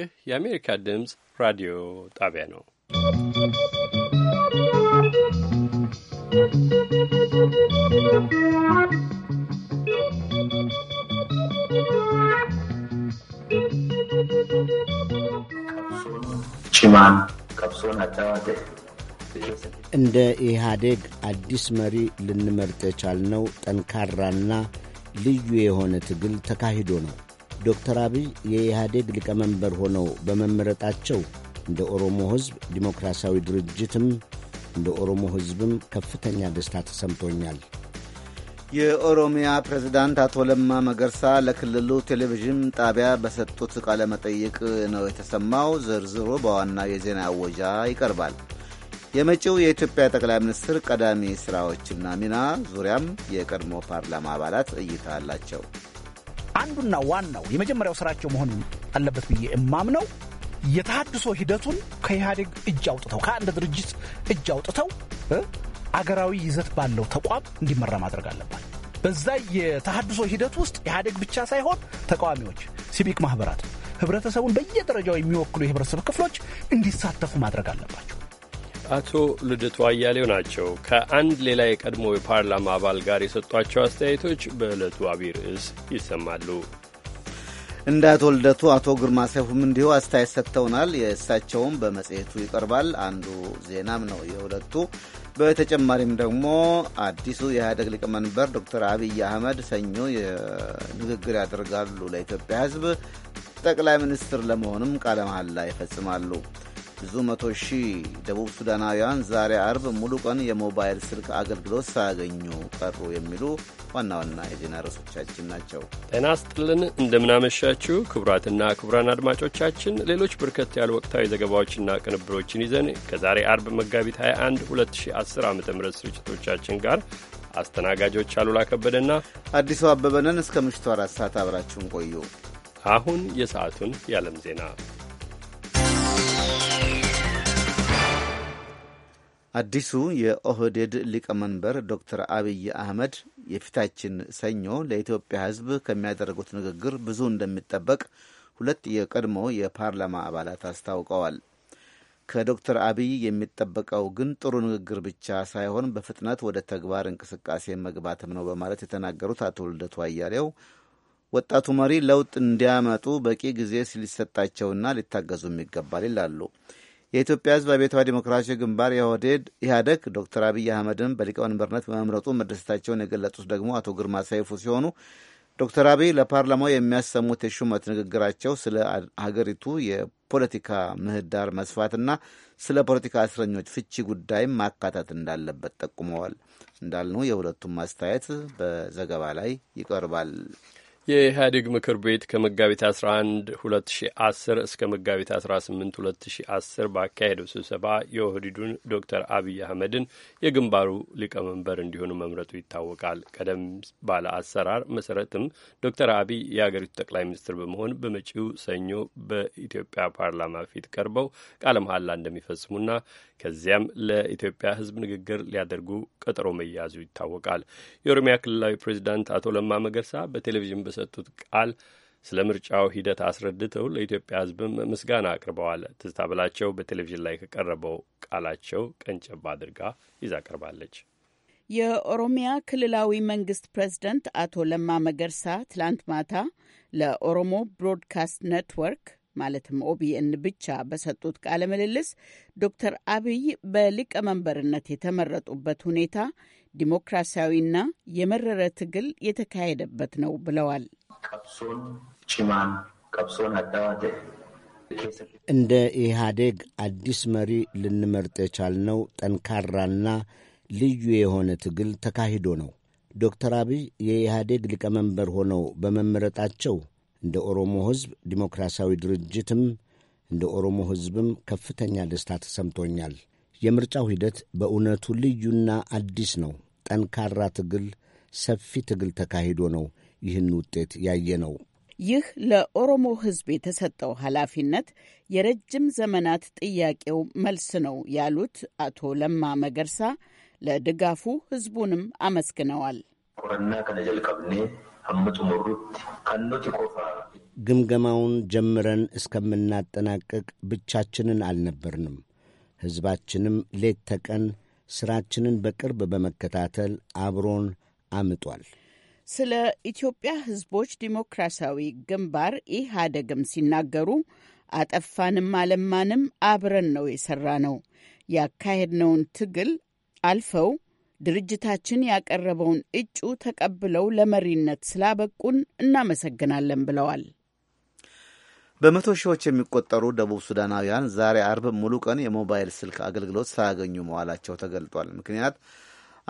ይህ የአሜሪካ ድምፅ ራዲዮ ጣቢያ ነው። ቺማን እንደ ኢህአዴግ አዲስ መሪ ልንመርጥ የቻልነው ጠንካራና ልዩ የሆነ ትግል ተካሂዶ ነው። ዶክተር አብይ የኢህአዴግ ሊቀመንበር ሆነው በመመረጣቸው እንደ ኦሮሞ ሕዝብ ዲሞክራሲያዊ ድርጅትም እንደ ኦሮሞ ሕዝብም ከፍተኛ ደስታ ተሰምቶኛል። የኦሮሚያ ፕሬዝዳንት አቶ ለማ መገርሳ ለክልሉ ቴሌቪዥን ጣቢያ በሰጡት ቃለ መጠይቅ ነው የተሰማው። ዝርዝሩ በዋና የዜና አወጃ ይቀርባል። የመጪው የኢትዮጵያ ጠቅላይ ሚኒስትር ቀዳሚ ሥራዎችና ሚና ዙሪያም የቀድሞ ፓርላማ አባላት እይታ አላቸው። አንዱና ዋናው የመጀመሪያው ስራቸው መሆን አለበት ብዬ እማምነው የተሃድሶ ሂደቱን ከኢህአዴግ እጅ አውጥተው ከአንድ ድርጅት እጅ አውጥተው አገራዊ ይዘት ባለው ተቋም እንዲመራ ማድረግ አለባል። በዛ የተሃድሶ ሂደት ውስጥ ኢህአዴግ ብቻ ሳይሆን ተቃዋሚዎች፣ ሲቪክ ማህበራት፣ ህብረተሰቡን በየደረጃው የሚወክሉ የህብረተሰብ ክፍሎች እንዲሳተፉ ማድረግ አለባቸው። አቶ ልደቱ አያሌው ናቸው። ከአንድ ሌላ የቀድሞ የፓርላማ አባል ጋር የሰጧቸው አስተያየቶች በዕለቱ አቢይ ርዕስ ይሰማሉ። እንደ አቶ ልደቱ አቶ ግርማ ሰይፉም እንዲሁ አስተያየት ሰጥተውናል። የእሳቸውም በመጽሔቱ ይቀርባል። አንዱ ዜናም ነው የሁለቱ። በተጨማሪም ደግሞ አዲሱ የኢህአደግ ሊቀመንበር ዶክተር አብይ አህመድ ሰኞ ንግግር ያደርጋሉ ለኢትዮጵያ ሕዝብ ጠቅላይ ሚኒስትር ለመሆንም ቃለ መሐላ ይፈጽማሉ። ብዙ መቶ ሺህ ደቡብ ሱዳናውያን ዛሬ አርብ ሙሉ ቀን የሞባይል ስልክ አገልግሎት ሳያገኙ ቀሩ የሚሉ ዋና ዋና የዜና ርዕሶቻችን ናቸው። ጤና ስጥልን፣ እንደምናመሻችሁ ክቡራትና ክቡራን አድማጮቻችን ሌሎች በርከት ያሉ ወቅታዊ ዘገባዎችና ቅንብሮችን ይዘን ከዛሬ አርብ መጋቢት 21 2010 ዓ ም ስርጭቶቻችን ጋር አስተናጋጆች አሉላ ከበደና አዲሱ አበበነን እስከ ምሽቱ አራት ሰዓት አብራችሁን ቆዩ። አሁን የሰዓቱን የዓለም ዜና አዲሱ የኦህዴድ ሊቀመንበር ዶክተር አብይ አህመድ የፊታችን ሰኞ ለኢትዮጵያ ሕዝብ ከሚያደርጉት ንግግር ብዙ እንደሚጠበቅ ሁለት የቀድሞ የፓርላማ አባላት አስታውቀዋል። ከዶክተር አብይ የሚጠበቀው ግን ጥሩ ንግግር ብቻ ሳይሆን በፍጥነት ወደ ተግባር እንቅስቃሴ መግባትም ነው በማለት የተናገሩት አቶ ልደቱ አያሌው ወጣቱ መሪ ለውጥ እንዲያመጡ በቂ ጊዜ ሊሰጣቸውና ሊታገዙም ይገባል ይላሉ። የኢትዮጵያ ሕዝብ አብዮታዊ ዲሞክራሲ ግንባር የኦህዴድ ኢህአደግ ዶክተር አብይ አህመድን በሊቀመንበርነት በመምረጡ መደሰታቸውን የገለጹት ደግሞ አቶ ግርማ ሰይፉ ሲሆኑ ዶክተር አብይ ለፓርላማው የሚያሰሙት የሹመት ንግግራቸው ስለ ሀገሪቱ የፖለቲካ ምህዳር መስፋትና ስለ ፖለቲካ እስረኞች ፍቺ ጉዳይም ማካተት እንዳለበት ጠቁመዋል። እንዳልነው የሁለቱም አስተያየት በዘገባ ላይ ይቀርባል። የኢህአዴግ ምክር ቤት ከመጋቢት 11 2010 እስከ መጋቢት 18 2010 ባካሄደው ስብሰባ የኦህዲዱን ዶክተር አብይ አህመድን የግንባሩ ሊቀመንበር እንዲሆኑ መምረጡ ይታወቃል። ቀደም ባለ አሰራር መሰረትም ዶክተር አብይ የአገሪቱ ጠቅላይ ሚኒስትር በመሆን በመጪው ሰኞ በኢትዮጵያ ፓርላማ ፊት ቀርበው ቃለ መሐላ እንደሚፈጽሙና ከዚያም ለኢትዮጵያ ሕዝብ ንግግር ሊያደርጉ ቀጠሮ መያዙ ይታወቃል። የኦሮሚያ ክልላዊ ፕሬዚዳንት አቶ ለማ መገርሳ በቴሌቪዥን በሰጡት ቃል ስለ ምርጫው ሂደት አስረድተው ለኢትዮጵያ ሕዝብም ምስጋና አቅርበዋል። ትዝታ ብላቸው በቴሌቪዥን ላይ ከቀረበው ቃላቸው ቀንጨባ አድርጋ ይዛ ቀርባለች። የኦሮሚያ ክልላዊ መንግስት ፕሬዝደንት አቶ ለማ መገርሳ ትላንት ማታ ለኦሮሞ ብሮድካስት ኔትወርክ ማለትም ኦቢኤን ብቻ በሰጡት ቃለ ምልልስ ዶክተር አብይ በሊቀመንበርነት የተመረጡበት ሁኔታ ዲሞክራሲያዊና የመረረ ትግል የተካሄደበት ነው ብለዋል። ቀብሶን ጭማን ቀብሶን አዳዋደ እንደ ኢህአዴግ አዲስ መሪ ልንመርጥ የቻልነው ጠንካራና ልዩ የሆነ ትግል ተካሂዶ ነው። ዶክተር አብይ የኢህአዴግ ሊቀመንበር ሆነው በመመረጣቸው እንደ ኦሮሞ ሕዝብ ዲሞክራሲያዊ ድርጅትም እንደ ኦሮሞ ሕዝብም ከፍተኛ ደስታ ተሰምቶኛል። የምርጫው ሂደት በእውነቱ ልዩና አዲስ ነው። ጠንካራ ትግል፣ ሰፊ ትግል ተካሂዶ ነው ይህን ውጤት ያየ ነው። ይህ ለኦሮሞ ሕዝብ የተሰጠው ኃላፊነት የረጅም ዘመናት ጥያቄው መልስ ነው ያሉት አቶ ለማ መገርሳ ለድጋፉ ሕዝቡንም አመስግነዋል። ግምገማውን ጀምረን እስከምናጠናቅቅ ብቻችንን አልነበርንም። ሕዝባችንም ሌት ተቀን ሥራችንን በቅርብ በመከታተል አብሮን አምጧል። ስለ ኢትዮጵያ ሕዝቦች ዲሞክራሲያዊ ግንባር ኢህአደግም ሲናገሩ አጠፋንም አለማንም አብረን ነው የሠራ ነው ያካሄድነውን ትግል አልፈው ድርጅታችን ያቀረበውን እጩ ተቀብለው ለመሪነት ስላበቁን እናመሰግናለን ብለዋል። በመቶ ሺዎች የሚቆጠሩ ደቡብ ሱዳናውያን ዛሬ አርብ ሙሉ ቀን የሞባይል ስልክ አገልግሎት ሳያገኙ መዋላቸው ተገልጧል። ምክንያት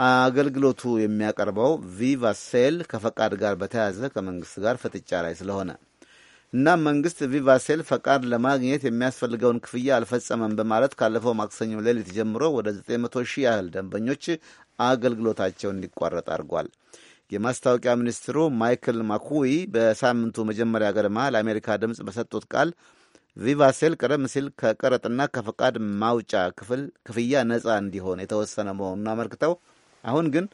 አገልግሎቱ የሚያቀርበው ቪቫ ሴል ከፈቃድ ጋር በተያያዘ ከመንግስት ጋር ፍጥጫ ላይ ስለሆነ እና መንግስት ቪቫ ሴል ፈቃድ ለማግኘት የሚያስፈልገውን ክፍያ አልፈጸመም በማለት ካለፈው ማክሰኞ ሌሊት ጀምሮ ወደ 900 ሺህ ያህል ደንበኞች አገልግሎታቸው እንዲቋረጥ አድርጓል። የማስታወቂያ ሚኒስትሩ ማይክል ማኩዊ በሳምንቱ መጀመሪያ ገደማ ለአሜሪካ ድምፅ በሰጡት ቃል ቪቫሴል ቀደም ሲል ከቀረጥና ከፈቃድ ማውጫ ክፍል ክፍያ ነጻ እንዲሆን የተወሰነ መሆኑን አመልክተው አሁን ግን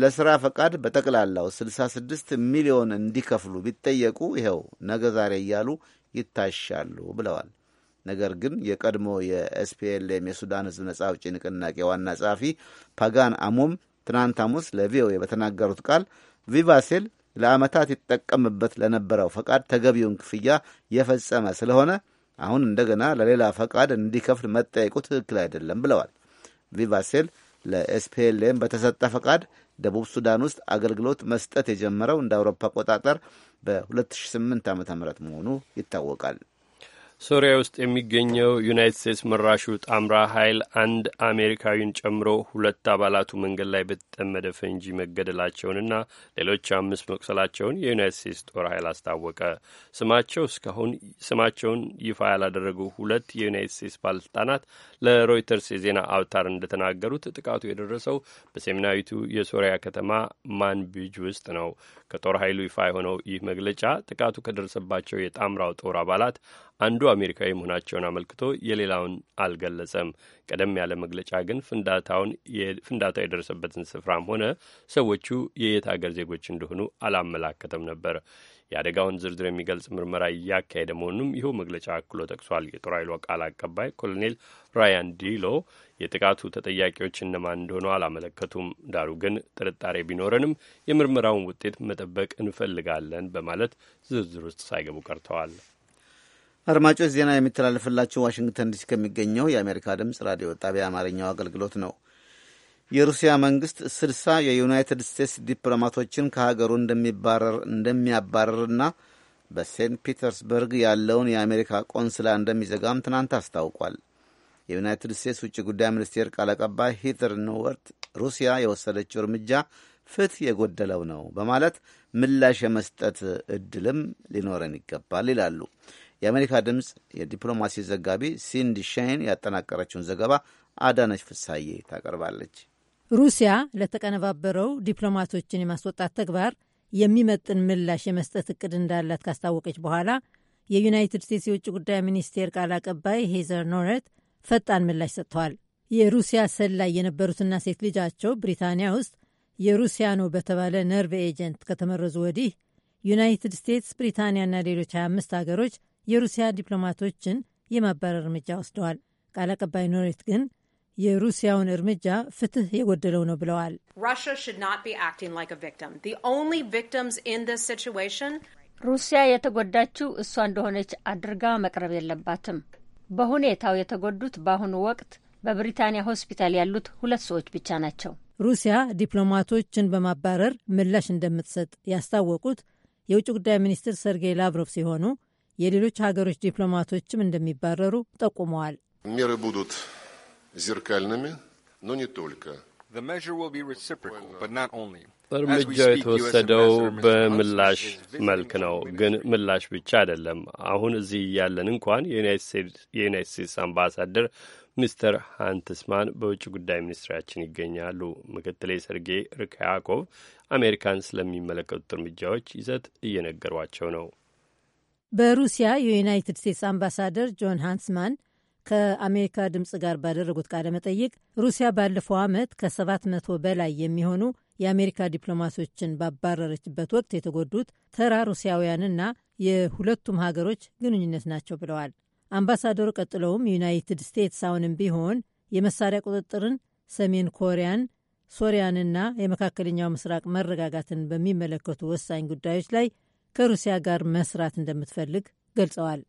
ለስራ ፈቃድ በጠቅላላው 66 ሚሊዮን እንዲከፍሉ ቢጠየቁ ይኸው ነገ ዛሬ እያሉ ይታሻሉ ብለዋል። ነገር ግን የቀድሞ የኤስፒኤልኤም የሱዳን ህዝብ ነጻ አውጪ ንቅናቄ ዋና ጸሐፊ ፓጋን አሞም ትናንት ሐሙስ ለቪኦኤ በተናገሩት ቃል ቪቫሴል ለአመታት ይጠቀምበት ለነበረው ፈቃድ ተገቢውን ክፍያ የፈጸመ ስለሆነ አሁን እንደገና ለሌላ ፈቃድ እንዲከፍል መጠየቁ ትክክል አይደለም ብለዋል። ቪቫሴል ለኤስፒኤልኤም በተሰጠ ፈቃድ ደቡብ ሱዳን ውስጥ አገልግሎት መስጠት የጀመረው እንደ አውሮፓ አቆጣጠር በ2008 ዓ ም መሆኑ ይታወቃል። ሶሪያ ውስጥ የሚገኘው ዩናይት ስቴትስ መራሹ ጣምራ ኃይል አንድ አሜሪካዊን ጨምሮ ሁለት አባላቱ መንገድ ላይ በተጠመደ ፈንጂ መገደላቸውንና ሌሎች አምስት መቁሰላቸውን የዩናይት ስቴትስ ጦር ኃይል አስታወቀ። ስማቸው እስካሁን ስማቸውን ይፋ ያላደረጉ ሁለት የዩናይት ስቴትስ ባለስልጣናት ለሮይተርስ የዜና አውታር እንደተናገሩት ጥቃቱ የደረሰው በሰሜናዊቱ የሶሪያ ከተማ ማንቢጅ ውስጥ ነው። ከጦር ኃይሉ ይፋ የሆነው ይህ መግለጫ ጥቃቱ ከደረሰባቸው የጣምራው ጦር አባላት አንዱ አሜሪካዊ መሆናቸውን አመልክቶ የሌላውን አልገለጸም። ቀደም ያለ መግለጫ ግን ፍንዳታውን ፍንዳታው የደረሰበትን ስፍራም ሆነ ሰዎቹ የየት አገር ዜጎች እንደሆኑ አላመላከተም ነበር። የአደጋውን ዝርዝር የሚገልጽ ምርመራ እያካሄደ መሆኑንም ይኸው መግለጫ አክሎ ጠቅሷል። የጦር ኃይሉ ቃል አቀባይ ኮሎኔል ራያን ዲሎ የጥቃቱ ተጠያቂዎች እነማን እንደሆኑ አላመለከቱም። ዳሩ ግን ጥርጣሬ ቢኖረንም የምርመራውን ውጤት መጠበቅ እንፈልጋለን በማለት ዝርዝር ውስጥ ሳይገቡ ቀርተዋል። አድማጮች ዜና የሚተላለፍላቸው ዋሽንግተን ዲሲ ከሚገኘው የአሜሪካ ድምፅ ራዲዮ ጣቢያ አማርኛው አገልግሎት ነው። የሩሲያ መንግስት ስልሳ የዩናይትድ ስቴትስ ዲፕሎማቶችን ከሀገሩ እንደሚባረር እንደሚያባረርና በሴንት ፒተርስበርግ ያለውን የአሜሪካ ቆንስላ እንደሚዘጋም ትናንት አስታውቋል። የዩናይትድ ስቴትስ ውጭ ጉዳይ ሚኒስቴር ቃል አቀባይ ሂተር ኖወርት ሩሲያ የወሰደችው እርምጃ ፍትህ የጎደለው ነው በማለት ምላሽ የመስጠት እድልም ሊኖረን ይገባል ይላሉ። የአሜሪካ ድምፅ የዲፕሎማሲ ዘጋቢ ሲንዲ ሻይን ያጠናቀረችውን ዘገባ አዳነች ፍሳዬ ታቀርባለች። ሩሲያ ለተቀነባበረው ዲፕሎማቶችን የማስወጣት ተግባር የሚመጥን ምላሽ የመስጠት እቅድ እንዳላት ካስታወቀች በኋላ የዩናይትድ ስቴትስ የውጭ ጉዳይ ሚኒስቴር ቃል አቀባይ ሄዘር ኖረት ፈጣን ምላሽ ሰጥተዋል። የሩሲያ ሰላይ የነበሩትና ሴት ልጃቸው ብሪታንያ ውስጥ የሩሲያ ነው በተባለ ነርቭ ኤጀንት ከተመረዙ ወዲህ ዩናይትድ ስቴትስ ብሪታንያና ሌሎች 25 ሀገሮች የሩሲያ ዲፕሎማቶችን የማባረር እርምጃ ወስደዋል። ቃል አቀባይ ኖሬት ግን የሩሲያውን እርምጃ ፍትህ የጎደለው ነው ብለዋል። ሩሲያ የተጎዳችው እሷ እንደሆነች አድርጋ መቅረብ የለባትም። በሁኔታው የተጎዱት በአሁኑ ወቅት በብሪታንያ ሆስፒታል ያሉት ሁለት ሰዎች ብቻ ናቸው። ሩሲያ ዲፕሎማቶችን በማባረር ምላሽ እንደምትሰጥ ያስታወቁት የውጭ ጉዳይ ሚኒስትር ሰርጌይ ላቭሮቭ ሲሆኑ የሌሎች ሀገሮች ዲፕሎማቶችም እንደሚባረሩ ጠቁመዋል። ሚርቡዱት ዝርካልንሚ но не только እርምጃው የተወሰደው በምላሽ መልክ ነው፣ ግን ምላሽ ብቻ አይደለም። አሁን እዚህ እያለን እንኳን የዩናይት ስቴትስ አምባሳደር ሚስተር ሃንትስማን በውጭ ጉዳይ ሚኒስትራችን ይገኛሉ። ምክትሌ ሰርጌይ ርካያኮቭ አሜሪካን ስለሚመለከቱት እርምጃዎች ይዘት እየነገሯቸው ነው። በሩሲያ የዩናይትድ ስቴትስ አምባሳደር ጆን ሃንስማን ከአሜሪካ ድምፅ ጋር ባደረጉት ቃለ መጠይቅ ሩሲያ ባለፈው ዓመት ከ መቶ በላይ የሚሆኑ የአሜሪካ ዲፕሎማቶችን ባባረረችበት ወቅት የተጎዱት ተራ ሩሲያውያንና የሁለቱም ሀገሮች ግንኙነት ናቸው ብለዋል። አምባሳደሩ ቀጥለውም ዩናይትድ ስቴትስ አሁንም ቢሆን የመሳሪያ ቁጥጥርን፣ ሰሜን ኮሪያን፣ ሶሪያንና የመካከለኛው ምስራቅ መረጋጋትን በሚመለከቱ ወሳኝ ጉዳዮች ላይ ከሩሲያ ጋር መስራት እንደምትፈልግ ገልጸዋል።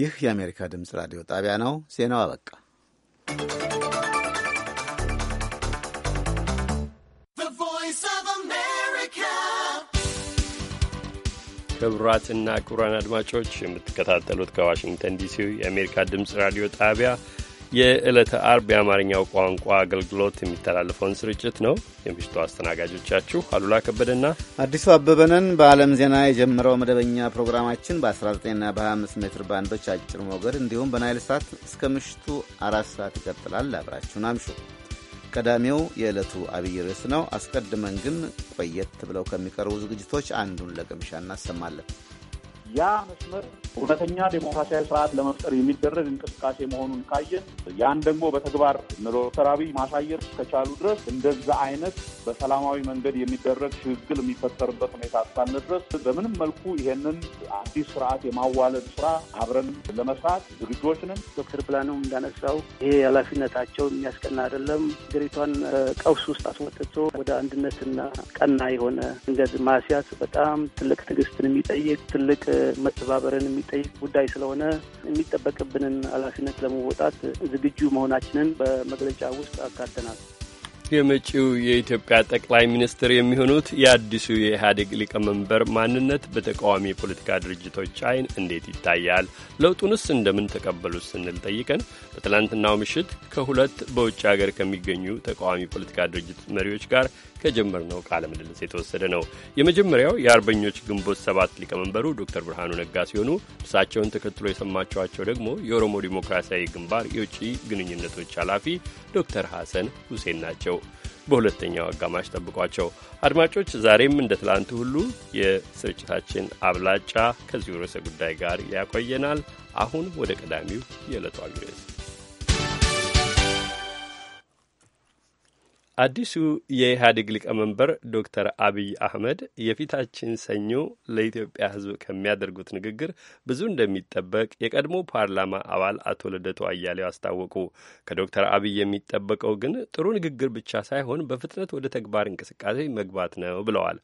ይህ የአሜሪካ ድምፅ ራዲዮ ጣቢያ ነው። ዜናው አበቃ። ክቡራትና ክቡራን አድማጮች የምትከታተሉት ከዋሽንግተን ዲሲ የአሜሪካ ድምፅ ራዲዮ ጣቢያ የዕለተ አርብ የአማርኛው ቋንቋ አገልግሎት የሚተላለፈውን ስርጭት ነው። የምሽቱ አስተናጋጆቻችሁ አሉላ ከበደና አዲሱ አበበነን በዓለም ዜና የጀመረው መደበኛ ፕሮግራማችን በ19ና በ25 ሜትር ባንዶች አጭር ሞገድ እንዲሁም በናይል ሳት እስከ ምሽቱ አራት ሰዓት ይቀጥላል። አብራችሁን አምሹ። ቀዳሚው የዕለቱ አብይ ርዕስ ነው። አስቀድመን ግን ቆየት ብለው ከሚቀርቡ ዝግጅቶች አንዱን ለቅምሻ እናሰማለን። ያ መስመር እውነተኛ ዴሞክራሲያዊ ስርዓት ለመፍጠር የሚደረግ እንቅስቃሴ መሆኑን ካየን ያን ደግሞ በተግባር ዶክተር አብይ ማሳየት እስከቻሉ ድረስ እንደዛ አይነት በሰላማዊ መንገድ የሚደረግ ሽግግር የሚፈጠርበት ሁኔታ እስካለ ድረስ በምንም መልኩ ይሄንን አዲስ ስርዓት የማዋለድ ስራ አብረን ለመስራት ዝግጆች ነን። ዶክተር ብላነው እንዳነሳው ይሄ ኃላፊነታቸው የሚያስቀና አይደለም። ሀገሪቷን ቀውስ ውስጥ አስወጥቶ ወደ አንድነትና ቀና የሆነ መንገድ ማስያት በጣም ትልቅ ትዕግስትን የሚጠይቅ ትልቅ መተባበርን የሚጠይቅ ጉዳይ ስለሆነ የሚጠበቅብንን ኃላፊነት ለመወጣት ዝግጁ መሆናችንን በመግለጫ ውስጥ አካተናል። የመጪው የኢትዮጵያ ጠቅላይ ሚኒስትር የሚሆኑት የአዲሱ የኢህአዴግ ሊቀመንበር ማንነት በተቃዋሚ የፖለቲካ ድርጅቶች አይን እንዴት ይታያል? ለውጡንስ እንደምን ተቀበሉት ስንል ጠይቀን በትላንትናው ምሽት ከሁለት በውጭ ሀገር ከሚገኙ ተቃዋሚ ፖለቲካ ድርጅት መሪዎች ጋር ከጀመርነው ቃለ ምልልስ የተወሰደ ነው። የመጀመሪያው የአርበኞች ግንቦት ሰባት ሊቀመንበሩ ዶክተር ብርሃኑ ነጋ ሲሆኑ እርሳቸውን ተከትሎ የሰማችኋቸው ደግሞ የኦሮሞ ዲሞክራሲያዊ ግንባር የውጭ ግንኙነቶች ኃላፊ ዶክተር ሐሰን ሁሴን ናቸው። በሁለተኛው አጋማሽ ጠብቋቸው አድማጮች። ዛሬም እንደ ትላንቱ ሁሉ የስርጭታችን አብላጫ ከዚሁ ርዕሰ ጉዳይ ጋር ያቆየናል። አሁን ወደ ቀዳሚው የዕለቱ አግሬስ አዲሱ የኢህአዴግ ሊቀመንበር ዶክተር አብይ አህመድ የፊታችን ሰኞ ለኢትዮጵያ ሕዝብ ከሚያደርጉት ንግግር ብዙ እንደሚጠበቅ የቀድሞ ፓርላማ አባል አቶ ልደቱ አያሌው አስታወቁ። ከዶክተር አብይ የሚጠበቀው ግን ጥሩ ንግግር ብቻ ሳይሆን በፍጥነት ወደ ተግባር እንቅስቃሴ መግባት ነው ብለዋል።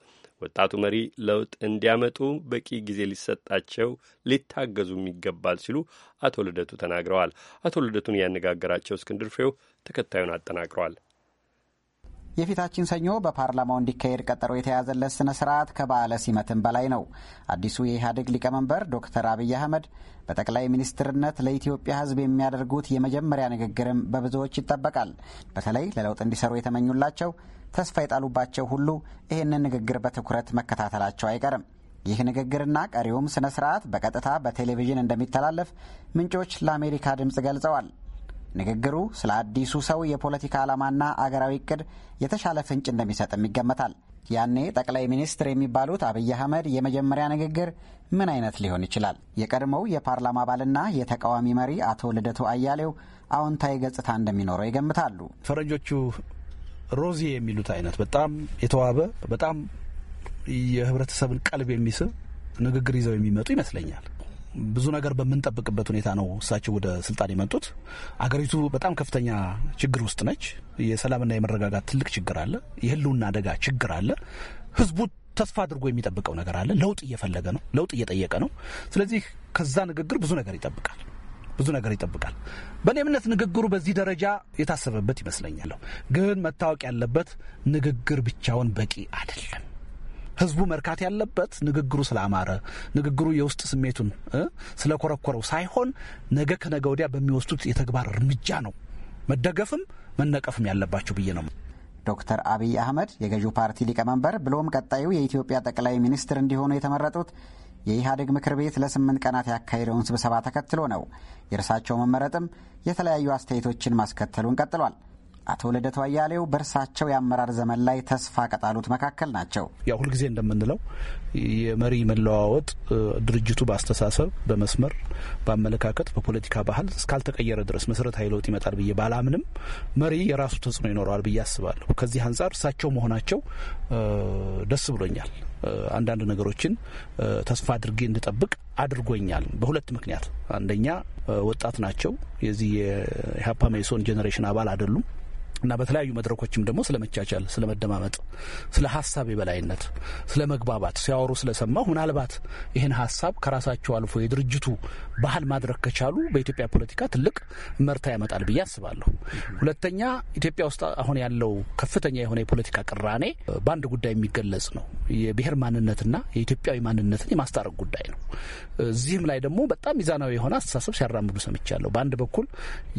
ወጣቱ መሪ ለውጥ እንዲያመጡ በቂ ጊዜ ሊሰጣቸው ሊታገዙም ይገባል ሲሉ አቶ ልደቱ ተናግረዋል። አቶ ልደቱን ያነጋገራቸው እስክንድር ፍሬው ተከታዩን አጠናቅረዋል። የፊታችን ሰኞ በፓርላማው እንዲካሄድ ቀጠሮ የተያዘለት ስነ ስርዓት ከበዓለ ሲመትም በላይ ነው። አዲሱ የኢህአዴግ ሊቀመንበር ዶክተር አብይ አህመድ በጠቅላይ ሚኒስትርነት ለኢትዮጵያ ሕዝብ የሚያደርጉት የመጀመሪያ ንግግርም በብዙዎች ይጠበቃል። በተለይ ለለውጥ እንዲሰሩ የተመኙላቸው ተስፋ የጣሉባቸው ሁሉ ይህንን ንግግር በትኩረት መከታተላቸው አይቀርም። ይህ ንግግርና ቀሪውም ስነ ስርዓት በቀጥታ በቴሌቪዥን እንደሚተላለፍ ምንጮች ለአሜሪካ ድምፅ ገልጸዋል። ንግግሩ ስለ አዲሱ ሰው የፖለቲካ ዓላማና አገራዊ እቅድ የተሻለ ፍንጭ እንደሚሰጥም ይገመታል። ያኔ ጠቅላይ ሚኒስትር የሚባሉት አብይ አህመድ የመጀመሪያ ንግግር ምን አይነት ሊሆን ይችላል? የቀድሞው የፓርላማ አባልና የተቃዋሚ መሪ አቶ ልደቱ አያሌው አዎንታዊ ገጽታ እንደሚኖረው ይገምታሉ። ፈረንጆቹ ሮዚ የሚሉት አይነት በጣም የተዋበ በጣም የህብረተሰብን ቀልብ የሚስብ ንግግር ይዘው የሚመጡ ይመስለኛል። ብዙ ነገር በምንጠብቅበት ሁኔታ ነው እሳቸው ወደ ስልጣን የመጡት። አገሪቱ በጣም ከፍተኛ ችግር ውስጥ ነች። የሰላምና የመረጋጋት ትልቅ ችግር አለ። የህልውና አደጋ ችግር አለ። ህዝቡ ተስፋ አድርጎ የሚጠብቀው ነገር አለ። ለውጥ እየፈለገ ነው። ለውጥ እየጠየቀ ነው። ስለዚህ ከዛ ንግግር ብዙ ነገር ይጠብቃል ብዙ ነገር ይጠብቃል። በእኔ እምነት ንግግሩ በዚህ ደረጃ የታሰበበት ይመስለኛል። ግን መታወቅ ያለበት ንግግር ብቻውን በቂ አይደለም። ህዝቡ መርካት ያለበት ንግግሩ ስላማረ ንግግሩ የውስጥ ስሜቱን ስለኮረኮረው ሳይሆን ነገ ከነገ ወዲያ በሚወስዱት የተግባር እርምጃ ነው መደገፍም መነቀፍም ያለባቸው ብዬ ነው። ዶክተር አብይ አህመድ የገዢው ፓርቲ ሊቀመንበር ብሎም ቀጣዩ የኢትዮጵያ ጠቅላይ ሚኒስትር እንዲሆኑ የተመረጡት የኢህአዴግ ምክር ቤት ለስምንት ቀናት ያካሄደውን ስብሰባ ተከትሎ ነው። የእርሳቸው መመረጥም የተለያዩ አስተያየቶችን ማስከተሉን ቀጥሏል። አቶ ልደቱ አያሌው በእርሳቸው የአመራር ዘመን ላይ ተስፋ ከጣሉት መካከል ናቸው። ያው ሁልጊዜ እንደምንለው የመሪ መለዋወጥ ድርጅቱ በአስተሳሰብ፣ በመስመር፣ በአመለካከት፣ በፖለቲካ ባህል እስካልተቀየረ ድረስ መሰረታዊ ለውጥ ይመጣል ብዬ ባላምንም መሪ የራሱ ተጽዕኖ ይኖረዋል ብዬ አስባለሁ። ከዚህ አንጻር እርሳቸው መሆናቸው ደስ ብሎኛል። አንዳንድ ነገሮችን ተስፋ አድርጌ እንድጠብቅ አድርጎኛል። በሁለት ምክንያት አንደኛ ወጣት ናቸው። የዚህ የኢህአፓ መኢሶን ጄኔሬሽን አባል አይደሉም። እና በተለያዩ መድረኮችም ደግሞ ስለ መቻቻል፣ ስለ መደማመጥ፣ ስለ ሀሳብ የበላይነት፣ ስለ መግባባት ሲያወሩ ስለሰማሁ ምናልባት ይህን ሀሳብ ከራሳቸው አልፎ የድርጅቱ ባህል ማድረግ ከቻሉ በኢትዮጵያ ፖለቲካ ትልቅ መርታ ያመጣል ብዬ አስባለሁ። ሁለተኛ ኢትዮጵያ ውስጥ አሁን ያለው ከፍተኛ የሆነ የፖለቲካ ቅራኔ በአንድ ጉዳይ የሚገለጽ ነው። የብሔር ማንነትና የኢትዮጵያዊ ማንነትን የማስታረቅ ጉዳይ ነው። እዚህም ላይ ደግሞ በጣም ሚዛናዊ የሆነ አስተሳሰብ ሲያራምዱ ሰምቻለሁ። በአንድ በኩል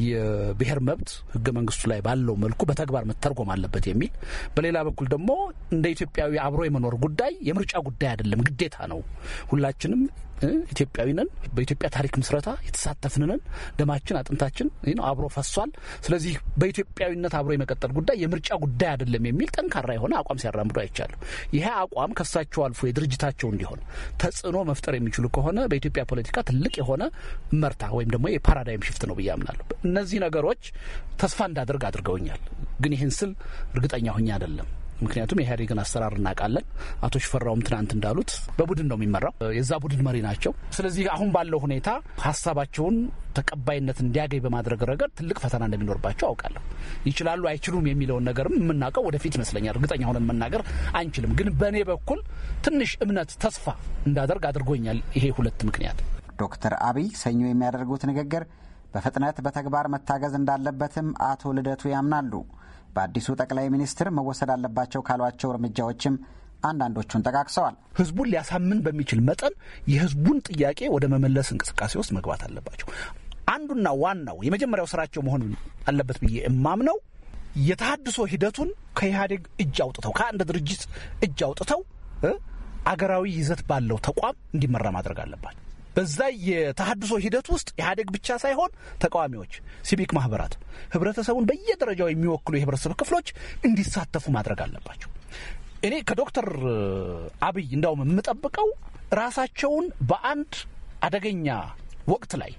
የብሔር መብት ህገ መንግስቱ ላይ ባለው መልኩ በተግባር መተርጎም አለበት የሚል በሌላ በኩል ደግሞ እንደ ኢትዮጵያዊ አብሮ የመኖር ጉዳይ የምርጫ ጉዳይ አይደለም፣ ግዴታ ነው። ሁላችንም ኢትዮጵያዊ ነን። በኢትዮጵያ ታሪክ ምስረታ የተሳተፍን ነን። ደማችን አጥንታችን አብሮ ፈሷል። ስለዚህ በኢትዮጵያዊነት አብሮ የመቀጠል ጉዳይ የምርጫ ጉዳይ አይደለም የሚል ጠንካራ የሆነ አቋም ሲያራምዱ አይቻሉ። ይሄ አቋም ከሳቸው አልፎ የድርጅታቸው እንዲሆን ተጽዕኖ መፍጠር የሚችሉ ከሆነ በኢትዮጵያ ፖለቲካ ትልቅ የሆነ መርታ ወይም ደግሞ የፓራዳይም ሽፍት ነው ብዬ አምናለሁ። እነዚህ ነገሮች ተስፋ እንዳደርግ አድርገውኛል። ግን ይህን ስል እርግጠኛ ሆኜ አይደለም። ምክንያቱም የኢህአዴግን አሰራር እናውቃለን። አቶ ሽፈራውም ትናንት እንዳሉት በቡድን ነው የሚመራው፣ የዛ ቡድን መሪ ናቸው። ስለዚህ አሁን ባለው ሁኔታ ሀሳባቸውን ተቀባይነት እንዲያገኝ በማድረግ ረገድ ትልቅ ፈተና እንደሚኖርባቸው አውቃለሁ። ይችላሉ አይችሉም የሚለውን ነገርም የምናውቀው ወደፊት ይመስለኛል። እርግጠኛ ሆነን መናገር አንችልም። ግን በእኔ በኩል ትንሽ እምነት፣ ተስፋ እንዳደርግ አድርጎኛል ይሄ ሁለት ምክንያት። ዶክተር አብይ ሰኞ የሚያደርጉት ንግግር በፍጥነት በተግባር መታገዝ እንዳለበትም አቶ ልደቱ ያምናሉ። በአዲሱ ጠቅላይ ሚኒስትር መወሰድ አለባቸው ካሏቸው እርምጃዎችም አንዳንዶቹን ጠቃቅሰዋል። ህዝቡን ሊያሳምን በሚችል መጠን የህዝቡን ጥያቄ ወደ መመለስ እንቅስቃሴ ውስጥ መግባት አለባቸው። አንዱና ዋናው የመጀመሪያው ስራቸው መሆን አለበት ብዬ እማምነው የተሃድሶ ሂደቱን ከኢህአዴግ እጅ አውጥተው ከአንድ ድርጅት እጅ አውጥተው አገራዊ ይዘት ባለው ተቋም እንዲመራ ማድረግ አለባቸው። በዛ የተሀድሶ ሂደት ውስጥ ኢህአዴግ ብቻ ሳይሆን ተቃዋሚዎች፣ ሲቪክ ማህበራት፣ ህብረተሰቡን በየደረጃው የሚወክሉ የህብረተሰብ ክፍሎች እንዲሳተፉ ማድረግ አለባቸው። እኔ ከዶክተር አብይ እንዳውም የምጠብቀው ራሳቸውን በአንድ አደገኛ ወቅት ላይ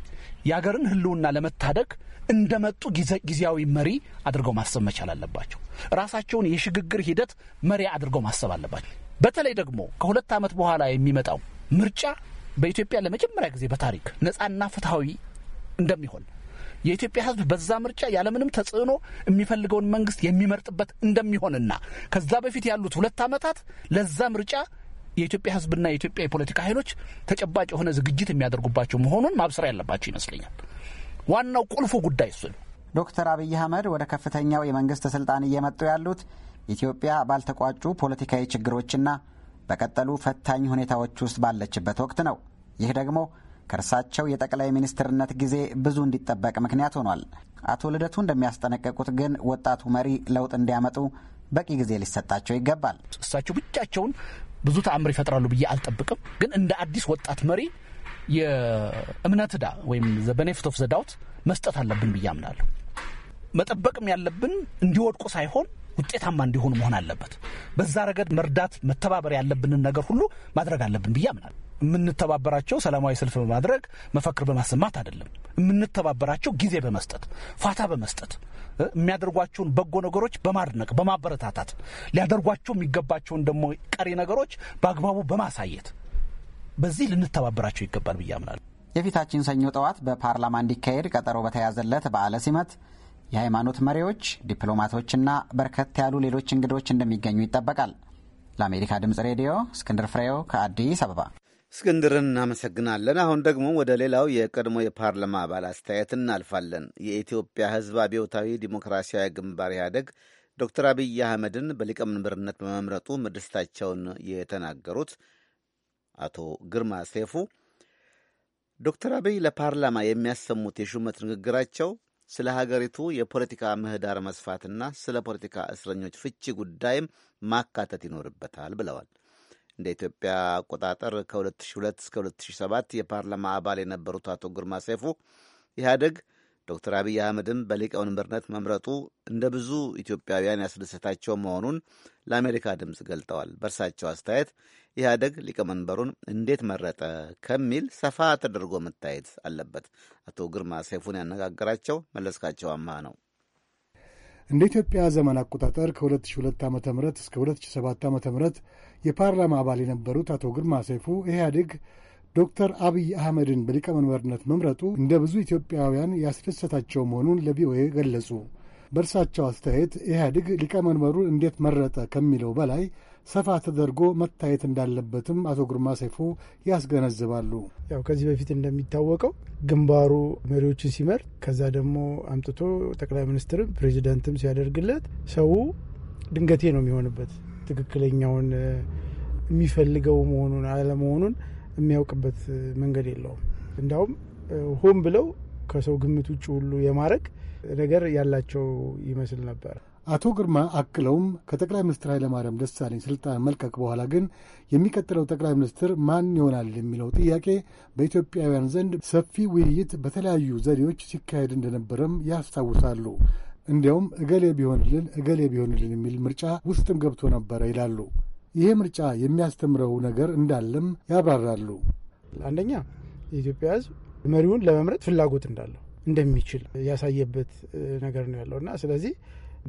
የአገርን ህልውና ለመታደግ እንደመጡ ጊዜያዊ መሪ አድርገው ማሰብ መቻል አለባቸው። ራሳቸውን የሽግግር ሂደት መሪ አድርገው ማሰብ አለባቸው። በተለይ ደግሞ ከሁለት ዓመት በኋላ የሚመጣው ምርጫ በኢትዮጵያ ለመጀመሪያ ጊዜ በታሪክ ነጻና ፍትሐዊ እንደሚሆን የኢትዮጵያ ሕዝብ በዛ ምርጫ ያለምንም ተጽዕኖ የሚፈልገውን መንግስት የሚመርጥበት እንደሚሆንና ከዛ በፊት ያሉት ሁለት ዓመታት ለዛ ምርጫ የኢትዮጵያ ሕዝብና የኢትዮጵያ የፖለቲካ ኃይሎች ተጨባጭ የሆነ ዝግጅት የሚያደርጉባቸው መሆኑን ማብሰር ያለባቸው ይመስለኛል። ዋናው ቁልፉ ጉዳይ እሱ ነው። ዶክተር አብይ አህመድ ወደ ከፍተኛው የመንግስት ስልጣን እየመጡ ያሉት ኢትዮጵያ ባልተቋጩ ፖለቲካዊ ችግሮችና በቀጠሉ ፈታኝ ሁኔታዎች ውስጥ ባለችበት ወቅት ነው። ይህ ደግሞ ከእርሳቸው የጠቅላይ ሚኒስትርነት ጊዜ ብዙ እንዲጠበቅ ምክንያት ሆኗል። አቶ ልደቱ እንደሚያስጠነቀቁት ግን ወጣቱ መሪ ለውጥ እንዲያመጡ በቂ ጊዜ ሊሰጣቸው ይገባል። እሳቸው ብቻቸውን ብዙ ተአምር ይፈጥራሉ ብዬ አልጠብቅም። ግን እንደ አዲስ ወጣት መሪ የእምነት ዕዳ ወይም በኔፍት ኦፍ ዘ ዳውት መስጠት አለብን ብዬ አምናለሁ። መጠበቅም ያለብን እንዲወድቁ ሳይሆን ውጤታማ እንዲሆኑ መሆን አለበት። በዛ ረገድ መርዳት፣ መተባበር ያለብንን ነገር ሁሉ ማድረግ አለብን ብዬ አምናለሁ። የምንተባበራቸው ሰላማዊ ሰልፍ በማድረግ መፈክር በማሰማት አይደለም። የምንተባበራቸው ጊዜ በመስጠት ፋታ በመስጠት የሚያደርጓቸውን በጎ ነገሮች በማድነቅ በማበረታታት ሊያደርጓቸው የሚገባቸውን ደግሞ ቀሪ ነገሮች በአግባቡ በማሳየት በዚህ ልንተባበራቸው ይገባል ብዬ አምናለሁ። የፊታችን ሰኞ ጠዋት በፓርላማ እንዲካሄድ ቀጠሮ በተያዘለት በዓለ ሲመት የሃይማኖት መሪዎች፣ ዲፕሎማቶችና በርከት ያሉ ሌሎች እንግዶች እንደሚገኙ ይጠበቃል። ለአሜሪካ ድምፅ ሬዲዮ እስክንድር ፍሬው ከአዲስ አበባ። እስክንድርን እናመሰግናለን። አሁን ደግሞ ወደ ሌላው የቀድሞ የፓርላማ አባል አስተያየት እናልፋለን። የኢትዮጵያ ሕዝብ አብዮታዊ ዲሞክራሲያዊ ግንባር ኢህአደግ ዶክተር አብይ አህመድን በሊቀመንበርነት በመምረጡ መደሰታቸውን የተናገሩት አቶ ግርማ ሴፉ ዶክተር አብይ ለፓርላማ የሚያሰሙት የሹመት ንግግራቸው ስለ ሀገሪቱ የፖለቲካ ምህዳር መስፋትና ስለ ፖለቲካ እስረኞች ፍቺ ጉዳይም ማካተት ይኖርበታል ብለዋል። እንደ ኢትዮጵያ አቆጣጠር ከ2002 እስከ 2007 የፓርላማ አባል የነበሩት አቶ ግርማ ሰይፉ ኢህአደግ ዶክተር አብይ አህመድም በሊቀመንበርነት መምረጡ እንደ ብዙ ኢትዮጵያውያን ያስደሰታቸው መሆኑን ለአሜሪካ ድምፅ ገልጠዋል። በእርሳቸው አስተያየት ኢህአደግ ሊቀመንበሩን እንዴት መረጠ ከሚል ሰፋ ተደርጎ መታየት አለበት። አቶ ግርማ ሰይፉን ያነጋገራቸው መለስካቸው አማ ነው። እንደ ኢትዮጵያ ዘመን አቆጣጠር ከ2002 ዓ ም እስከ 2007 ዓ ም የፓርላማ አባል የነበሩት አቶ ግርማ ሰይፉ ኢህአዴግ ዶክተር አብይ አህመድን በሊቀመንበርነት መምረጡ እንደ ብዙ ኢትዮጵያውያን ያስደሰታቸው መሆኑን ለቪኦኤ ገለጹ። በእርሳቸው አስተያየት ኢህአዴግ ሊቀመንበሩን እንዴት መረጠ ከሚለው በላይ ሰፋ ተደርጎ መታየት እንዳለበትም አቶ ግርማ ሰይፉ ያስገነዝባሉ። ያው ከዚህ በፊት እንደሚታወቀው ግንባሩ መሪዎችን ሲመርጥ ከዛ ደግሞ አምጥቶ ጠቅላይ ሚኒስትርም ፕሬዚደንትም ሲያደርግለት ሰው ድንገቴ ነው የሚሆንበት ትክክለኛውን የሚፈልገው መሆኑን አለመሆኑን የሚያውቅበት መንገድ የለውም። እንዲያውም ሆን ብለው ከሰው ግምት ውጭ ሁሉ የማድረግ ነገር ያላቸው ይመስል ነበር። አቶ ግርማ አክለውም ከጠቅላይ ሚኒስትር ኃይለማርያም ደሳለኝ ስልጣን መልቀቅ በኋላ ግን የሚቀጥለው ጠቅላይ ሚኒስትር ማን ይሆናል የሚለው ጥያቄ በኢትዮጵያውያን ዘንድ ሰፊ ውይይት በተለያዩ ዘዴዎች ሲካሄድ እንደነበረም ያስታውሳሉ። እንዲያውም እገሌ ቢሆንልን እገሌ ቢሆንልን የሚል ምርጫ ውስጥም ገብቶ ነበረ ይላሉ። ይሄ ምርጫ የሚያስተምረው ነገር እንዳለም ያብራራሉ። አንደኛ የኢትዮጵያ ሕዝብ መሪውን ለመምረጥ ፍላጎት እንዳለው እንደሚችል ያሳየበት ነገር ነው ያለው እና ስለዚህ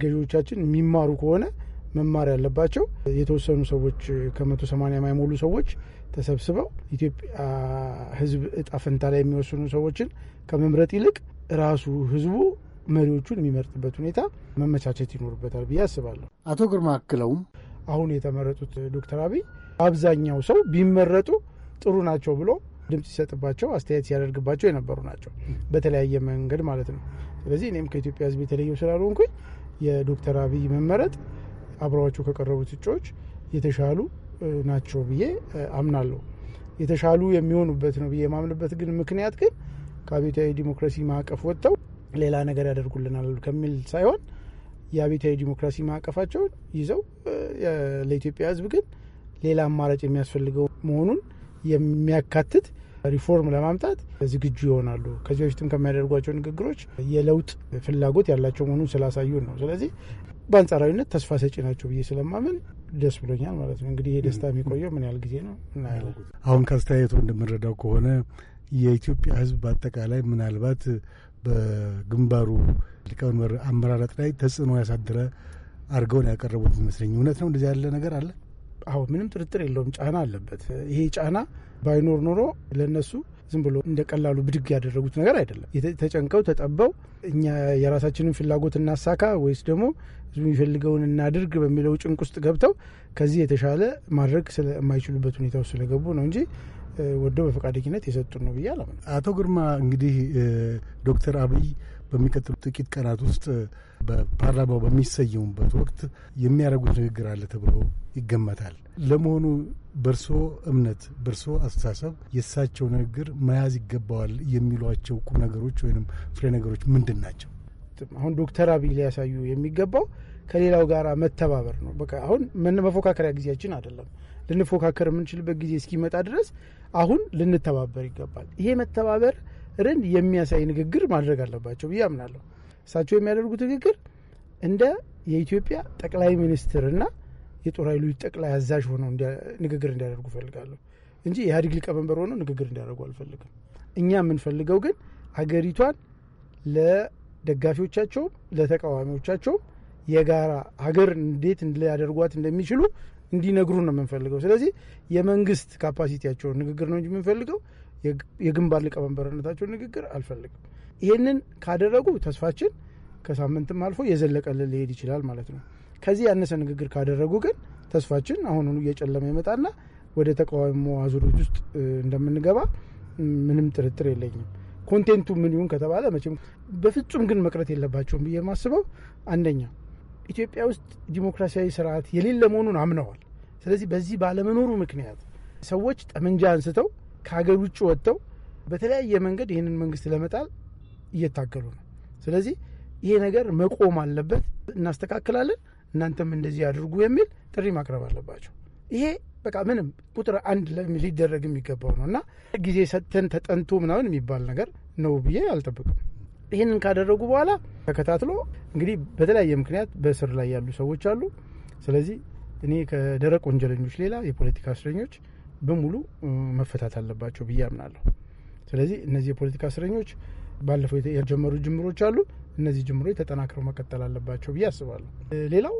ገዢዎቻችን የሚማሩ ከሆነ መማር ያለባቸው የተወሰኑ ሰዎች ከመቶ ሰማንያ የማይሞሉ ሰዎች ተሰብስበው ኢትዮጵያ ሕዝብ እጣ ፈንታ ላይ የሚወስኑ ሰዎችን ከመምረጥ ይልቅ ራሱ ሕዝቡ መሪዎቹን የሚመርጥበት ሁኔታ መመቻቸት ይኖርበታል ብዬ አስባለሁ። አቶ ግርማ አክለውም አሁን የተመረጡት ዶክተር አብይ አብዛኛው ሰው ቢመረጡ ጥሩ ናቸው ብሎ ድምፅ ሲሰጥባቸው አስተያየት ሲያደርግባቸው የነበሩ ናቸው፣ በተለያየ መንገድ ማለት ነው። ስለዚህ እኔም ከኢትዮጵያ ሕዝብ የተለየው ስላልሆንኩኝ የዶክተር አብይ መመረጥ አብረዋቸው ከቀረቡት እጩዎች የተሻሉ ናቸው ብዬ አምናለሁ። የተሻሉ የሚሆኑበት ነው ብዬ የማምንበት ግን ምክንያት ግን ከአብዮታዊ ዲሞክራሲ ማዕቀፍ ወጥተው ሌላ ነገር ያደርጉልናል ከሚል ሳይሆን የአብዮታዊ ዲሞክራሲ ማዕቀፋቸውን ይዘው ለኢትዮጵያ ሕዝብ ግን ሌላ አማራጭ የሚያስፈልገው መሆኑን የሚያካትት ሪፎርም ለማምጣት ዝግጁ ይሆናሉ። ከዚህ በፊትም ከሚያደርጓቸው ንግግሮች የለውጥ ፍላጎት ያላቸው መሆኑን ስላሳዩን ነው። ስለዚህ በአንጻራዊነት ተስፋ ሰጪ ናቸው ብዬ ስለማምን ደስ ብሎኛል ማለት ነው። እንግዲህ ይህ ደስታ የሚቆየው ምን ያህል ጊዜ ነው እናያለ። አሁን ከአስተያየቱ እንደምንረዳው ከሆነ የኢትዮጵያ ህዝብ በአጠቃላይ ምናልባት በግንባሩ ሊቀመንበር አመራረጥ ላይ ተጽዕኖ ያሳደረ ነው ያቀረቡት ይመስለኝ። እውነት ነው እንደዚህ ያለ ነገር አለ? አዎ፣ ምንም ጥርጥር የለውም። ጫና አለበት። ይሄ ጫና ባይኖር ኖሮ ለእነሱ ዝም ብሎ እንደ ቀላሉ ብድግ ያደረጉት ነገር አይደለም። ተጨንቀው ተጠበው እኛ የራሳችንን ፍላጎት እናሳካ ወይስ ደግሞ ህዝቡ የሚፈልገውን እናድርግ በሚለው ጭንቅ ውስጥ ገብተው ከዚህ የተሻለ ማድረግ ስለማይችሉበት ሁኔታ ውስጥ ስለገቡ ነው እንጂ ወደው በፈቃደኝነት የሰጡን ነው ብዬ አቶ ግርማ እንግዲህ ዶክተር አብይ በሚቀጥሉ ጥቂት ቀናት ውስጥ በፓርላማው በሚሰየሙበት ወቅት የሚያደርጉት ንግግር አለ ተብሎ ይገመታል። ለመሆኑ በርሶ እምነት፣ በርሶ አስተሳሰብ የእሳቸው ንግግር መያዝ ይገባዋል የሚሏቸው ቁም ነገሮች ወይም ፍሬ ነገሮች ምንድን ናቸው? አሁን ዶክተር አብይ ሊያሳዩ የሚገባው ከሌላው ጋር መተባበር ነው። በቃ አሁን መፎካከሪያ ጊዜያችን አይደለም። ልንፎካከር የምንችልበት ጊዜ እስኪመጣ ድረስ አሁን ልንተባበር ይገባል። ይሄ መተባበር ርን የሚያሳይ ንግግር ማድረግ አለባቸው ብዬ አምናለሁ። እሳቸው የሚያደርጉት ንግግር እንደ የኢትዮጵያ ጠቅላይ ሚኒስትርና የጦር ኃይሎች ጠቅላይ አዛዥ ሆነው ንግግር እንዲያደርጉ እፈልጋለሁ እንጂ የኢህአዴግ ሊቀመንበር ሆነው ንግግር እንዲያደርጉ አልፈልግም። እኛ የምንፈልገው ግን ሀገሪቷን ለደጋፊዎቻቸውም ለተቃዋሚዎቻቸውም የጋራ ሀገር እንዴት ሊያደርጓት እንደሚችሉ እንዲነግሩ ነው የምንፈልገው። ስለዚህ የመንግስት ካፓሲቲያቸውን ንግግር ነው እንጂ የምንፈልገው የግንባር ሊቀመንበርነታቸውን ንግግር አልፈልግም። ይህንን ካደረጉ ተስፋችን ከሳምንትም አልፎ የዘለቀ ሊሄድ ይችላል ማለት ነው። ከዚህ ያነሰ ንግግር ካደረጉ ግን ተስፋችን አሁኑኑ እየጨለመ ይመጣና ወደ ተቃዋሚ አዙሪት ውስጥ እንደምንገባ ምንም ጥርጥር የለኝም። ኮንቴንቱ ምን ይሁን ከተባለ መቼም በፍጹም ግን መቅረት የለባቸውም ብዬ የማስበው አንደኛ ኢትዮጵያ ውስጥ ዲሞክራሲያዊ ስርዓት የሌለ መሆኑን አምነዋል። ስለዚህ በዚህ ባለመኖሩ ምክንያት ሰዎች ጠመንጃ አንስተው ከሀገር ውጭ ወጥተው በተለያየ መንገድ ይህንን መንግስት ለመጣል እየታገሉ ነው። ስለዚህ ይሄ ነገር መቆም አለበት። እናስተካክላለን፣ እናንተም እንደዚህ አድርጉ የሚል ጥሪ ማቅረብ አለባቸው። ይሄ በቃ ምንም ቁጥር አንድ ሊደረግ የሚገባው ነው እና ጊዜ ሰጥተን ተጠንቶ ምናምን የሚባል ነገር ነው ብዬ አልጠብቅም። ይህንን ካደረጉ በኋላ ተከታትሎ እንግዲህ በተለያየ ምክንያት በእስር ላይ ያሉ ሰዎች አሉ። ስለዚህ እኔ ከደረቅ ወንጀለኞች ሌላ የፖለቲካ እስረኞች በሙሉ መፈታት አለባቸው ብዬ አምናለሁ። ስለዚህ እነዚህ የፖለቲካ እስረኞች ባለፈው የጀመሩ ጅምሮች አሉ። እነዚህ ጅምሮች ተጠናክረው መቀጠል አለባቸው ብዬ አስባለሁ። ሌላው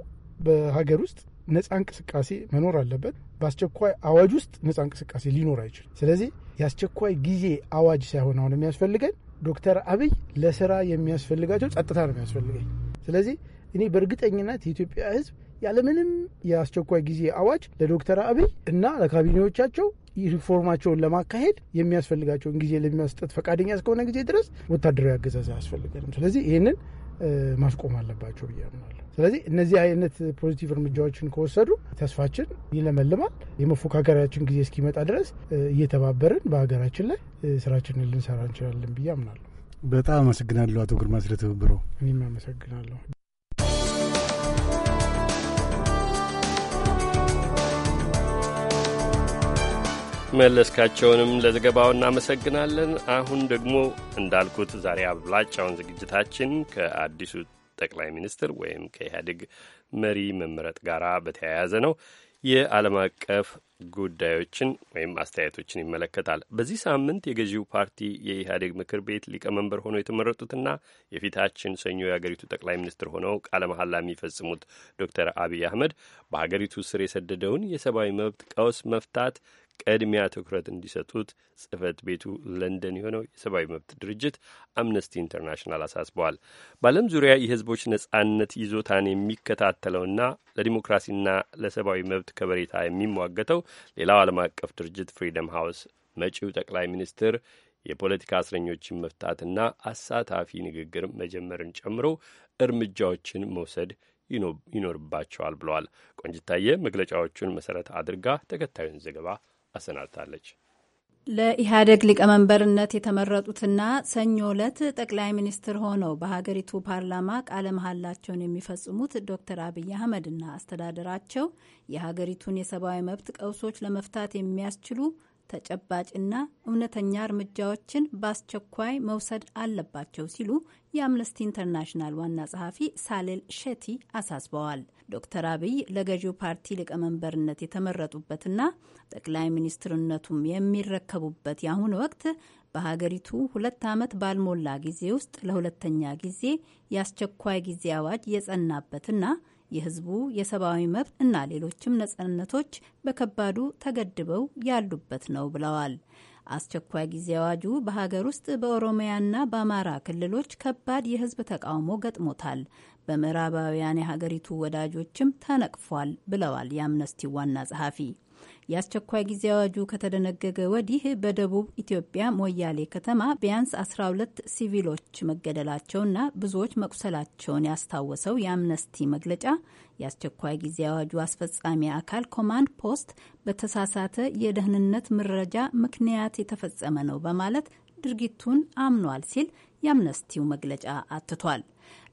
በሀገር ውስጥ ነፃ እንቅስቃሴ መኖር አለበት። በአስቸኳይ አዋጅ ውስጥ ነፃ እንቅስቃሴ ሊኖር አይችልም። ስለዚህ የአስቸኳይ ጊዜ አዋጅ ሳይሆን አሁን የሚያስፈልገን ዶክተር አብይ ለስራ የሚያስፈልጋቸው ጸጥታ ነው የሚያስፈልገኝ። ስለዚህ እኔ በእርግጠኝነት የኢትዮጵያ ሕዝብ ያለምንም የአስቸኳይ ጊዜ አዋጅ ለዶክተር አብይ እና ለካቢኔዎቻቸው ሪፎርማቸውን ለማካሄድ የሚያስፈልጋቸውን ጊዜ ለሚያስጠት ፈቃደኛ እስከሆነ ጊዜ ድረስ ወታደራዊ አገዛዝ አያስፈልገንም። ስለዚህ ይህንን ማስቆም አለባቸው ብዬ አምናለሁ። ስለዚህ እነዚህ አይነት ፖዚቲቭ እርምጃዎችን ከወሰዱ ተስፋችን ይለመልማል። የመፎካከሪያችን ጊዜ እስኪመጣ ድረስ እየተባበርን በሀገራችን ላይ ስራችንን ልንሰራ እንችላለን ብዬ አምናለሁ። በጣም አመሰግናለሁ አቶ ግርማ ስለትብብሮ። እኔም አመሰግናለሁ። መለስካቸውንም ለዘገባው እናመሰግናለን። አሁን ደግሞ እንዳልኩት ዛሬ አብላጫውን ዝግጅታችን ከአዲሱ ጠቅላይ ሚኒስትር ወይም ከኢህአዴግ መሪ መመረጥ ጋር በተያያዘ ነው። የዓለም አቀፍ ጉዳዮችን ወይም አስተያየቶችን ይመለከታል። በዚህ ሳምንት የገዢው ፓርቲ የኢህአዴግ ምክር ቤት ሊቀመንበር ሆነው የተመረጡትና የፊታችን ሰኞ የአገሪቱ ጠቅላይ ሚኒስትር ሆነው ቃለ መሐላ የሚፈጽሙት ዶክተር አብይ አህመድ በሀገሪቱ ስር የሰደደውን የሰብአዊ መብት ቀውስ መፍታት ቅድሚያ ትኩረት እንዲሰጡት ጽህፈት ቤቱ ለንደን የሆነው የሰብአዊ መብት ድርጅት አምነስቲ ኢንተርናሽናል አሳስበዋል። በዓለም ዙሪያ የህዝቦች ነጻነት ይዞታን የሚከታተለውና ለዲሞክራሲና ለሰብአዊ መብት ከበሬታ የሚሟገተው ሌላው ዓለም አቀፍ ድርጅት ፍሪደም ሃውስ መጪው ጠቅላይ ሚኒስትር የፖለቲካ እስረኞችን መፍታትና አሳታፊ ንግግር መጀመርን ጨምሮ እርምጃዎችን መውሰድ ይኖርባቸዋል ብለዋል። ቆንጅታየ መግለጫዎቹን መሰረት አድርጋ ተከታዩን ዘገባ አሰናድታለች። ለኢህአዴግ ሊቀመንበርነት የተመረጡትና ሰኞ ዕለት ጠቅላይ ሚኒስትር ሆነው በሀገሪቱ ፓርላማ ቃለ መሐላቸውን የሚፈጽሙት ዶክተር አብይ አህመድና አስተዳደራቸው የሀገሪቱን የሰብአዊ መብት ቀውሶች ለመፍታት የሚያስችሉ ተጨባጭና እውነተኛ እርምጃዎችን በአስቸኳይ መውሰድ አለባቸው ሲሉ የአምነስቲ ኢንተርናሽናል ዋና ጸሐፊ ሳሌል ሼቲ አሳስበዋል። ዶክተር አብይ ለገዢው ፓርቲ ሊቀመንበርነት የተመረጡበትና ጠቅላይ ሚኒስትርነቱም የሚረከቡበት የአሁን ወቅት በሀገሪቱ ሁለት ዓመት ባልሞላ ጊዜ ውስጥ ለሁለተኛ ጊዜ የአስቸኳይ ጊዜ አዋጅ የጸናበትና የህዝቡ የሰብአዊ መብት እና ሌሎችም ነጻነቶች በከባዱ ተገድበው ያሉበት ነው ብለዋል። አስቸኳይ ጊዜ አዋጁ በሀገር ውስጥ በኦሮሚያና በአማራ ክልሎች ከባድ የህዝብ ተቃውሞ ገጥሞታል። በምዕራባውያን የሀገሪቱ ወዳጆችም ተነቅፏል ብለዋል የአምነስቲ ዋና ጸሐፊ የአስቸኳይ ጊዜ አዋጁ ከተደነገገ ወዲህ በደቡብ ኢትዮጵያ ሞያሌ ከተማ ቢያንስ 12 ሲቪሎች መገደላቸውና ብዙዎች መቁሰላቸውን ያስታወሰው የአምነስቲ መግለጫ የአስቸኳይ ጊዜ አዋጁ አስፈጻሚ አካል ኮማንድ ፖስት በተሳሳተ የደህንነት መረጃ ምክንያት የተፈጸመ ነው በማለት ድርጊቱን አምኗል ሲል የአምነስቲው መግለጫ አትቷል።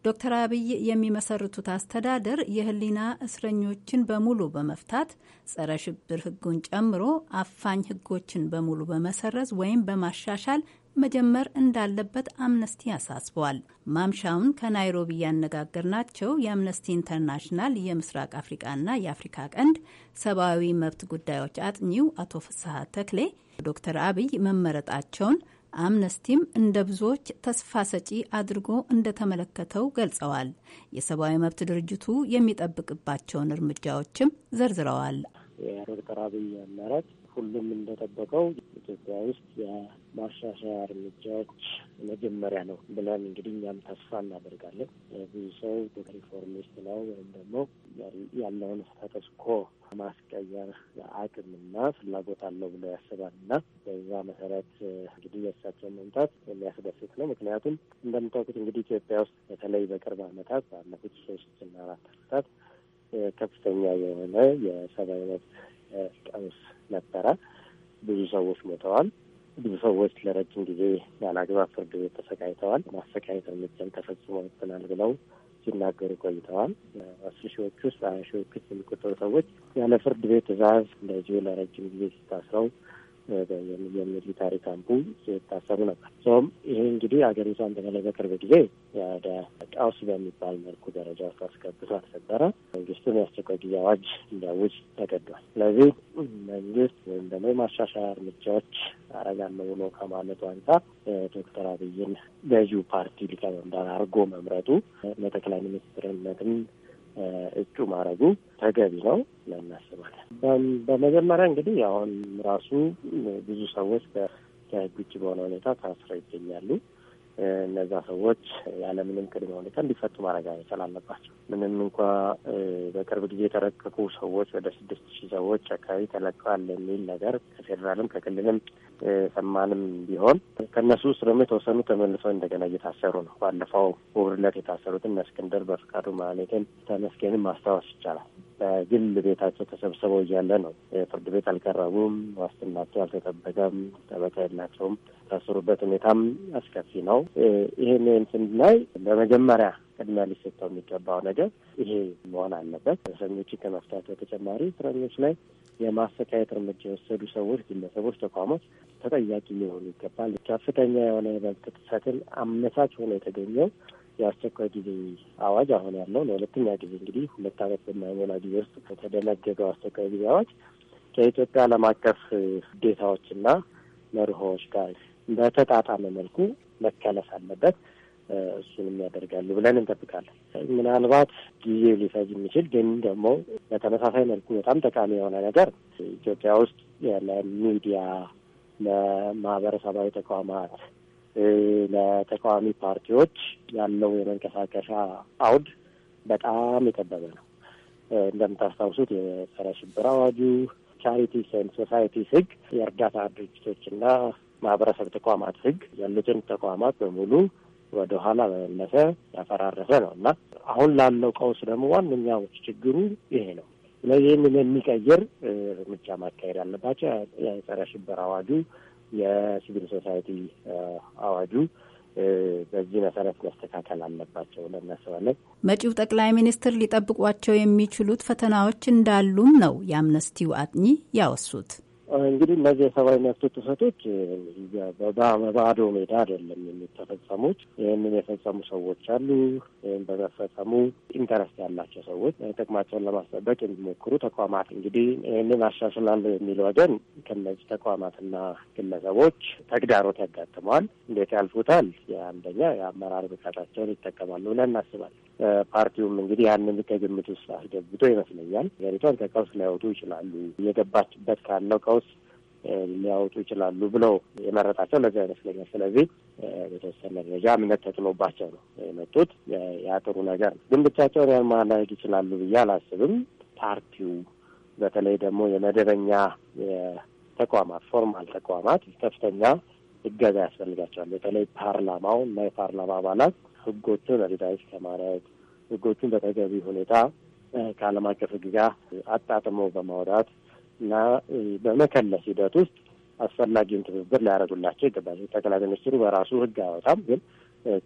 ዶክተር አብይ የሚመሰርቱት አስተዳደር የህሊና እስረኞችን በሙሉ በመፍታት ጸረ ሽብር ህጉን ጨምሮ አፋኝ ህጎችን በሙሉ በመሰረዝ ወይም በማሻሻል መጀመር እንዳለበት አምነስቲ አሳስበዋል። ማምሻውን ከናይሮቢ ያነጋገርናቸው የአምነስቲ ኢንተርናሽናል የምስራቅ አፍሪቃና የአፍሪካ ቀንድ ሰብአዊ መብት ጉዳዮች አጥኚው አቶ ፍስሐ ተክሌ ዶክተር አብይ መመረጣቸውን አምነስቲም እንደ ብዙዎች ተስፋ ሰጪ አድርጎ እንደተመለከተው ገልጸዋል። የሰብአዊ መብት ድርጅቱ የሚጠብቅባቸውን እርምጃዎችም ዘርዝረዋል። የዶክተር አብይ መረት ሁሉም እንደጠበቀው ኢትዮጵያ ውስጥ የማሻሻያ እርምጃዎች መጀመሪያ ነው ብለን እንግዲህ እኛም ተስፋ እናደርጋለን። ብዙ ሰው ሪፎርሚስት ነው ወይም ደግሞ ያለውን ስታተስ ኮ ማስቀየር አቅምና ፍላጎት አለው ብሎ ያስባል እና በዛ መሰረት እንግዲህ የእሳቸው መምጣት የሚያስደስት ነው። ምክንያቱም እንደምታውቁት እንግዲህ ኢትዮጵያ ውስጥ በተለይ በቅርብ ዓመታት ባለፉት ሶስት እና አራት ዓመታት ከፍተኛ የሆነ የሰብአዊ መብት ቀውስ ነበረ። ብዙ ሰዎች ሞተዋል። ብዙ ሰዎች ለረጅም ጊዜ ያለአግባብ ፍርድ ቤት ተሰቃይተዋል። ማሰቃየት እርምጃም ተፈጽሞብናል ብለው ሲናገሩ ቆይተዋል። አስር ሺዎች ውስጥ ሀያ ሺዎች ውስጥ የሚቆጠሩ ሰዎች ያለ ፍርድ ቤት ትዕዛዝ እንደዚሁ ለረጅም ጊዜ ሲታስረው የሚሊታሪ ካምፑ የታሰሩ ነበር። ሶም ይሄ እንግዲህ ሀገሪቷን በተለይ በቅርብ ጊዜ ወደ ቀውስ በሚባል መልኩ ደረጃ ውስጥ አስገብቷት ነበረ። መንግስቱን የአስቸኳይ ጊዜ አዋጅ እንዲያውጅ ተገዷል። ስለዚህ መንግስት ወይም ደግሞ የማሻሻያ እርምጃዎች አረጋለሁ ብሎ ከማለቱ አንጻር ዶክተር አብይን ገዢው ፓርቲ ሊቀመንበር አድርጎ መምረጡ ለጠቅላይ ሚኒስትርነትም እጩ ማድረጉ ተገቢ ነው እናስባለን። በመጀመሪያ እንግዲህ አሁን ራሱ ብዙ ሰዎች ከህግ ውጭ በሆነ ሁኔታ ታስረው ይገኛሉ። እነዛ ሰዎች ያለምንም ቅድመ ሁኔታ እንዲፈቱ ማድረግ መቻል አለባቸው። ምንም እንኳ በቅርብ ጊዜ የተለቀቁ ሰዎች ወደ ስድስት ሺህ ሰዎች አካባቢ ተለቀዋል የሚል ነገር ከፌዴራልም ከክልልም ሰማንም ቢሆን ከእነሱ ውስጥ ደግሞ የተወሰኑ ተመልሰው እንደገና እየታሰሩ ነው። ባለፈው እሑድ የታሰሩትን እነ እስክንድር በፍቃዱ ማለቴን ተመስገንም ማስታወስ ይቻላል። በግል ቤታቸው ተሰብስበው እያለ ነው። ፍርድ ቤት አልቀረቡም፣ ዋስትናቸው አልተጠበቀም፣ ጠበቃ የላቸውም። ታሰሩበት ሁኔታም አስከፊ ነው። ይህንን ስናይ በመጀመሪያ ቅድሚያ ሊሰጠው የሚገባው ነገር ይሄ መሆን አለበት። እስረኞችን ከመፍታት በተጨማሪ እስረኞች ላይ የማሰቃየት እርምጃ የወሰዱ ሰዎች፣ ግለሰቦች፣ ተቋሞች ተጠያቂ ሊሆኑ ይገባል። ከፍተኛ የሆነ የመብት ጥሰትን አመቻች ሆኖ የተገኘው የአስቸኳይ ጊዜ አዋጅ አሁን ያለው ለሁለተኛ ጊዜ እንግዲህ ሁለት ዓመት በማይሞላ ጊዜ ውስጥ ከተደነገገው አስቸኳይ ጊዜ አዋጅ ከኢትዮጵያ ዓለም አቀፍ ግዴታዎችና መርሆዎች ጋር በተጣጣመ መልኩ መከለስ አለበት። እሱንም ያደርጋሉ ብለን እንጠብቃለን። ምናልባት ጊዜው ሊፈጅ የሚችል ግን ደግሞ በተመሳሳይ መልኩ በጣም ጠቃሚ የሆነ ነገር ኢትዮጵያ ውስጥ ለሚዲያ፣ ለማህበረሰባዊ ተቋማት ለተቃዋሚ ፓርቲዎች ያለው የመንቀሳቀሻ አውድ በጣም የጠበበ ነው። እንደምታስታውሱት የጸረ ሽብር አዋጁ፣ ቻሪቲስ ኤንድ ሶሳይቲስ ህግ፣ የእርዳታ ድርጅቶችና ማህበረሰብ ተቋማት ህግ ያሉትን ተቋማት በሙሉ ወደ ኋላ መመለሰ ያፈራረሰ ነው እና አሁን ላለው ቀውስ ደግሞ ዋነኛው ችግሩ ይሄ ነው። ስለዚህ ይህንን የሚቀይር እርምጃ ማካሄድ አለባቸው። የጸረ ሽብር አዋጁ የሲቪል ሶሳይቲ አዋጁ በዚህ መሰረት መስተካከል አለባቸው ብለን እናስባለን። መጪው ጠቅላይ ሚኒስትር ሊጠብቋቸው የሚችሉት ፈተናዎች እንዳሉም ነው የአምነስቲው አጥኚ ያወሱት። እንግዲህ እነዚህ የሰብአዊ መብት ጥሰቶች በባዶ ሜዳ አይደለም የሚተፈጸሙት። ይህንን የፈጸሙ ሰዎች አሉ። ይህም በመፈጸሙ ኢንተረስት ያላቸው ሰዎች ጥቅማቸውን ለማስጠበቅ የሚሞክሩ ተቋማት እንግዲህ ይህንን አሻሽላለሁ የሚል ወገን ከነዚህ ተቋማትና ግለሰቦች ተግዳሮት ያጋጥመዋል። እንዴት ያልፉታል? አንደኛ የአመራር ብቃታቸውን ይጠቀማሉ ብለን እናስባለን። ፓርቲውም እንግዲህ ያንን ከግምት ውስጥ አስገብቶ ይመስለኛል ሀገሪቷን ከቀውስ ላይወጡ ይችላሉ። እየገባችበት ካለው ቀውስ ሊያወጡ ይችላሉ ብለው የመረጣቸው ለዚ አይመስለኛል። ስለዚህ በተወሰነ ደረጃ እምነት ተጥሎባቸው ነው የመጡት። የአጥሩ ነገር ነው። ግን ብቻቸውን ያን ማድረግ ይችላሉ ብዬ አላስብም። ፓርቲው በተለይ ደግሞ የመደበኛ ተቋማት ፎርማል ተቋማት ከፍተኛ እገዛ ያስፈልጋቸዋል። በተለይ ፓርላማው እና የፓርላማ አባላት ህጎቹን ሪቫይዝ ከማድረግ ህጎቹን በተገቢ ሁኔታ ከዓለም አቀፍ ህግ ጋር አጣጥሞ በማውጣት እና በመከለስ ሂደት ውስጥ አስፈላጊውን ትብብር ሊያደርጉላቸው ይገባል። ጠቅላይ ሚኒስትሩ በራሱ ህግ አያወጣም፣ ግን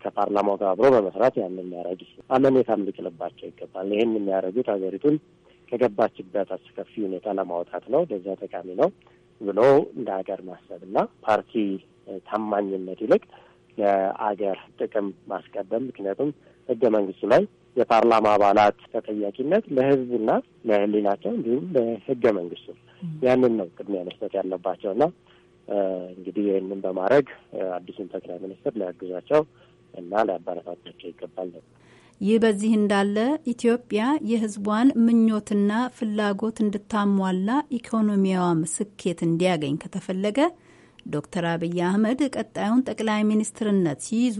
ከፓርላማው ጋር አብሮ በመስራት ያንን የሚያደርግ አመኔታም ሊጥልባቸው ይገባል። ይህን የሚያደርጉት ሀገሪቱን ከገባችበት አስከፊ ሁኔታ ለማውጣት ነው፣ ለዛ ጠቃሚ ነው ብሎ እንደ ሀገር ማሰብና ፓርቲ ታማኝነት ይልቅ ለአገር ጥቅም ማስቀደም ምክንያቱም ህገ መንግስቱ ላይ የፓርላማ አባላት ተጠያቂነት ለህዝቡና ለህሊናቸው እንዲሁም ለህገ መንግስቱ ያንን ነው ቅድሚያ መስጠት እና እንግዲህ ይህንን በማድረግ አዲሱን ጠቅላይ ሚኒስትር ሊያግዟቸው እና ሊያበረታታቸው ይገባል ነው። ይህ በዚህ እንዳለ ኢትዮጵያ የህዝቧን ምኞትና ፍላጎት እንድታሟላ ኢኮኖሚያዋም ስኬት እንዲያገኝ ከተፈለገ ዶክተር አብይ አህመድ ቀጣዩን ጠቅላይ ሚኒስትርነት ሲይዙ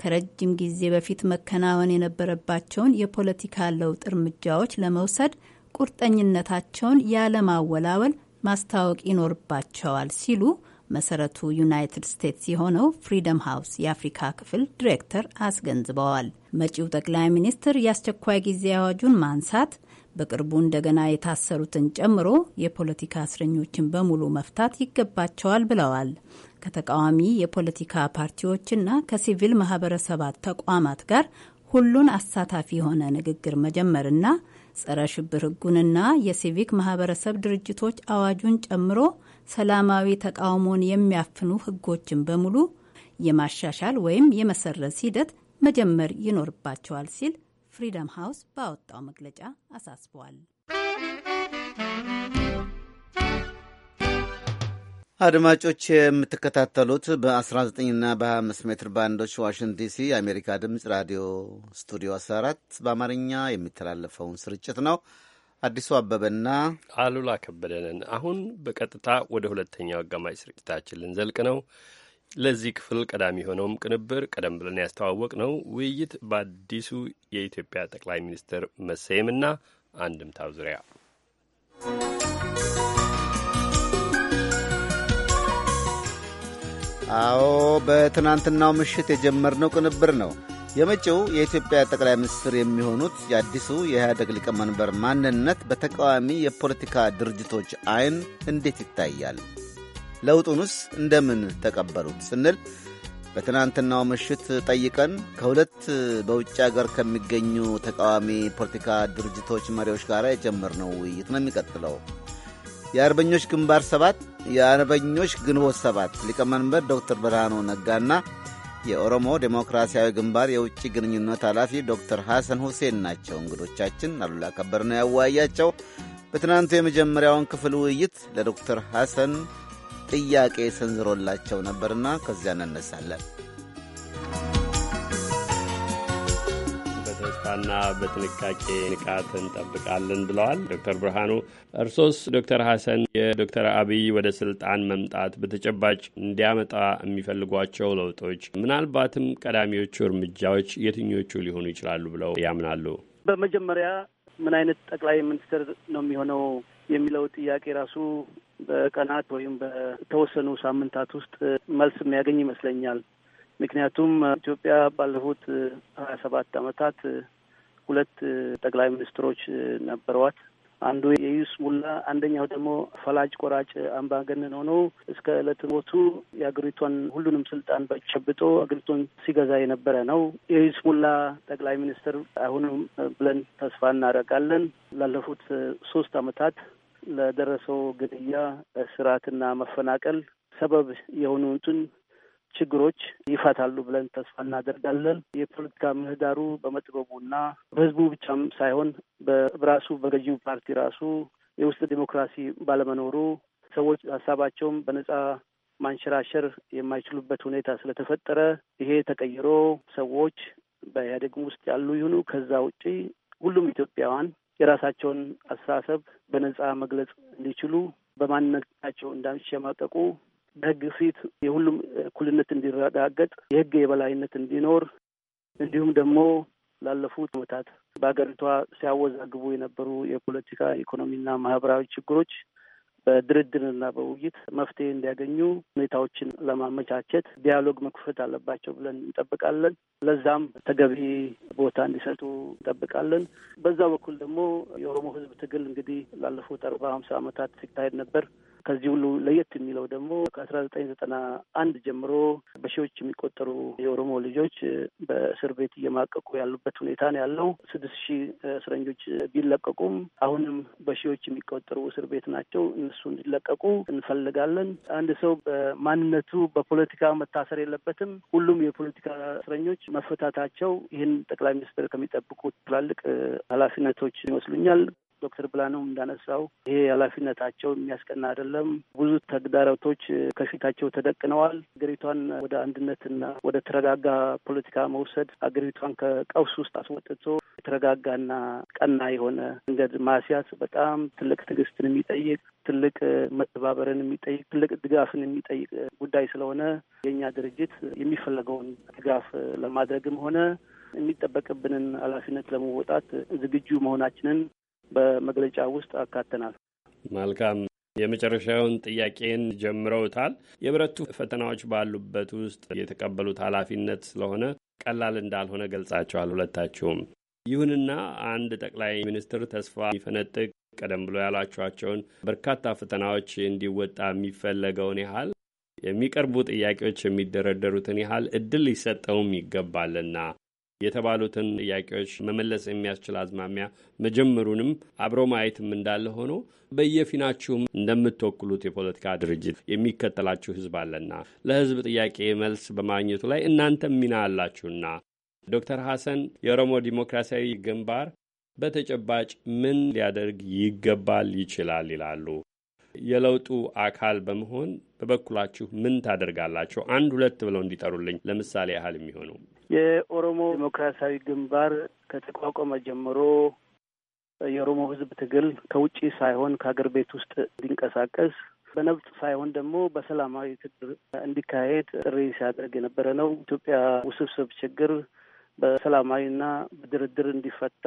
ከረጅም ጊዜ በፊት መከናወን የነበረባቸውን የፖለቲካ ለውጥ እርምጃዎች ለመውሰድ ቁርጠኝነታቸውን ያለማወላወል ማስታወቅ ይኖርባቸዋል ሲሉ መሰረቱ ዩናይትድ ስቴትስ የሆነው ፍሪደም ሃውስ የአፍሪካ ክፍል ዲሬክተር አስገንዝበዋል። መጪው ጠቅላይ ሚኒስትር የአስቸኳይ ጊዜ አዋጁን ማንሳት፣ በቅርቡ እንደገና የታሰሩትን ጨምሮ የፖለቲካ እስረኞችን በሙሉ መፍታት ይገባቸዋል ብለዋል። ከተቃዋሚ የፖለቲካ ፓርቲዎችና ከሲቪል ማህበረሰባት ተቋማት ጋር ሁሉን አሳታፊ የሆነ ንግግር መጀመርና ጸረ ሽብር ህጉንና የሲቪክ ማህበረሰብ ድርጅቶች አዋጁን ጨምሮ ሰላማዊ ተቃውሞን የሚያፍኑ ህጎችን በሙሉ የማሻሻል ወይም የመሰረዝ ሂደት መጀመር ይኖርባቸዋል ሲል ፍሪደም ሃውስ ባወጣው መግለጫ አሳስበዋል። አድማጮች የምትከታተሉት በ19ና በ25 ሜትር ባንዶች ዋሽንግተን ዲሲ የአሜሪካ ድምፅ ራዲዮ ስቱዲዮ 14 በአማርኛ የሚተላለፈውን ስርጭት ነው። አዲሱ አበበና አሉላ ከበደንን አሁን በቀጥታ ወደ ሁለተኛው አጋማሽ ስርጭታችን ልንዘልቅ ነው። ለዚህ ክፍል ቀዳሚ የሆነውም ቅንብር ቀደም ብለን ያስተዋወቅ ነው ውይይት በአዲሱ የኢትዮጵያ ጠቅላይ ሚኒስትር መሰየምና አንድምታው ዙሪያ አዎ በትናንትናው ምሽት የጀመርነው ቅንብር ነው። የመጪው የኢትዮጵያ ጠቅላይ ሚኒስትር የሚሆኑት የአዲሱ የኢህአደግ ሊቀመንበር ማንነት በተቃዋሚ የፖለቲካ ድርጅቶች አይን እንዴት ይታያል? ለውጡንስ እንደምን ተቀበሉት ስንል በትናንትናው ምሽት ጠይቀን ከሁለት በውጭ አገር ከሚገኙ ተቃዋሚ ፖለቲካ ድርጅቶች መሪዎች ጋር የጀመርነው ውይይት ነው የሚቀጥለው። የአርበኞች ግንባር ሰባት የአርበኞች ግንቦት ሰባት ሊቀመንበር ዶክተር ብርሃኑ ነጋና የኦሮሞ ዴሞክራሲያዊ ግንባር የውጭ ግንኙነት ኃላፊ ዶክተር ሐሰን ሁሴን ናቸው እንግዶቻችን። አሉላ ከበር ነው ያወያያቸው። በትናንቱ የመጀመሪያውን ክፍል ውይይት ለዶክተር ሐሰን ጥያቄ ሰንዝሮላቸው ነበርና ከዚያ እንነሳለን። በጥበቃና በጥንቃቄ ንቃት እንጠብቃለን ብለዋል ዶክተር ብርሃኑ። እርሶስ ዶክተር ሀሰን የዶክተር አብይ ወደ ስልጣን መምጣት በተጨባጭ እንዲያመጣ የሚፈልጓቸው ለውጦች፣ ምናልባትም ቀዳሚዎቹ እርምጃዎች የትኞቹ ሊሆኑ ይችላሉ ብለው ያምናሉ? በመጀመሪያ ምን አይነት ጠቅላይ ሚኒስትር ነው የሚሆነው የሚለው ጥያቄ ራሱ በቀናት ወይም በተወሰኑ ሳምንታት ውስጥ መልስ የሚያገኝ ይመስለኛል። ምክንያቱም ኢትዮጵያ ባለፉት ሀያ ሰባት ዓመታት ሁለት ጠቅላይ ሚኒስትሮች ነበረዋት። አንዱ የዩስ ሙላ አንደኛው ደግሞ ፈላጭ ቆራጭ አምባገነን ሆኖ እስከ ዕለት ሞቱ የአገሪቷን ሁሉንም ስልጣን ጨብጦ አገሪቷን ሲገዛ የነበረ ነው። የዩስ ሙላ ጠቅላይ ሚኒስትር አሁንም ብለን ተስፋ እናደርጋለን። ላለፉት ሶስት አመታት ለደረሰው ግድያ፣ እስራትና መፈናቀል ሰበብ የሆኑትን ችግሮች ይፈታሉ ብለን ተስፋ እናደርጋለን። የፖለቲካ ምህዳሩ በመጥበቡና በህዝቡ ብቻም ሳይሆን በራሱ በገዢው ፓርቲ ራሱ የውስጥ ዲሞክራሲ ባለመኖሩ ሰዎች ሀሳባቸውም በነጻ ማንሸራሸር የማይችሉበት ሁኔታ ስለተፈጠረ ይሄ ተቀይሮ ሰዎች በኢህአዴግም ውስጥ ያሉ ይሁኑ ከዛ ውጪ ሁሉም ኢትዮጵያውያን የራሳቸውን አስተሳሰብ በነጻ መግለጽ እንዲችሉ በማንነታቸው እንዳይሸማቀቁ በህግ ፊት የሁሉም እኩልነት እንዲረጋገጥ የህግ የበላይነት እንዲኖር እንዲሁም ደግሞ ላለፉት ዓመታት በሀገሪቷ ሲያወዛግቡ የነበሩ የፖለቲካ ኢኮኖሚና ማህበራዊ ችግሮች በድርድርና በውይይት መፍትሄ እንዲያገኙ ሁኔታዎችን ለማመቻቸት ዲያሎግ መክፈት አለባቸው ብለን እንጠብቃለን። ለዛም ተገቢ ቦታ እንዲሰጡ እንጠብቃለን። በዛ በኩል ደግሞ የኦሮሞ ህዝብ ትግል እንግዲህ ላለፉት አርባ ሀምሳ ዓመታት ሲካሄድ ነበር። ከዚህ ሁሉ ለየት የሚለው ደግሞ ከአስራ ዘጠኝ ዘጠና አንድ ጀምሮ በሺዎች የሚቆጠሩ የኦሮሞ ልጆች በእስር ቤት እየማቀቁ ያሉበት ሁኔታ ነው ያለው። ስድስት ሺህ እስረኞች ቢለቀቁም አሁንም በሺዎች የሚቆጠሩ እስር ቤት ናቸው። እነሱ እንዲለቀቁ እንፈልጋለን። አንድ ሰው በማንነቱ በፖለቲካ መታሰር የለበትም። ሁሉም የፖለቲካ እስረኞች መፈታታቸው ይህን ጠቅላይ ሚኒስትር ከሚጠብቁ ትላልቅ ኃላፊነቶች ይመስሉኛል። ዶክተር ብላነው እንዳነሳው ይሄ ኃላፊነታቸው የሚያስቀና አይደለም። ብዙ ተግዳሮቶች ከፊታቸው ተደቅነዋል። አገሪቷን ወደ አንድነትና ወደ ተረጋጋ ፖለቲካ መውሰድ አገሪቷን ከቀውስ ውስጥ አስወጥቶ የተረጋጋና ቀና የሆነ መንገድ ማስያዝ በጣም ትልቅ ትዕግስትን የሚጠይቅ ትልቅ መተባበርን የሚጠይቅ ትልቅ ድጋፍን የሚጠይቅ ጉዳይ ስለሆነ የእኛ ድርጅት የሚፈለገውን ድጋፍ ለማድረግም ሆነ የሚጠበቅብንን ኃላፊነት ለመወጣት ዝግጁ መሆናችንን በመግለጫ ውስጥ አካተናል። መልካም። የመጨረሻውን ጥያቄን ጀምረውታል። የብረቱ ፈተናዎች ባሉበት ውስጥ የተቀበሉት ኃላፊነት ስለሆነ ቀላል እንዳልሆነ ገልጻቸዋል ሁለታችሁም። ይሁንና አንድ ጠቅላይ ሚኒስትር ተስፋ የሚፈነጥቅ ቀደም ብሎ ያሏቸኋቸውን በርካታ ፈተናዎች እንዲወጣ የሚፈለገውን ያህል የሚቀርቡ ጥያቄዎች የሚደረደሩትን ያህል እድል ሊሰጠውም ይገባልና የተባሉትን ጥያቄዎች መመለስ የሚያስችል አዝማሚያ መጀመሩንም አብሮ ማየትም እንዳለ ሆኖ በየፊናችሁም እንደምትወክሉት የፖለቲካ ድርጅት የሚከተላችሁ ህዝብ አለና ለህዝብ ጥያቄ መልስ በማግኘቱ ላይ እናንተም ሚና አላችሁና ዶክተር ሐሰን የኦሮሞ ዲሞክራሲያዊ ግንባር በተጨባጭ ምን ሊያደርግ ይገባል ይችላል ይላሉ? የለውጡ አካል በመሆን በበኩላችሁ ምን ታደርጋላችሁ? አንድ ሁለት ብለው እንዲጠሩልኝ ለምሳሌ ያህል የሚሆነው የኦሮሞ ዴሞክራሲያዊ ግንባር ከተቋቋመ ጀምሮ የኦሮሞ ሕዝብ ትግል ከውጭ ሳይሆን ከሀገር ቤት ውስጥ እንዲንቀሳቀስ በነብጥ ሳይሆን ደግሞ በሰላማዊ ትግል እንዲካሄድ ጥሪ ሲያደርግ የነበረ ነው። ኢትዮጵያ ውስብስብ ችግር በሰላማዊና በድርድር እንዲፈታ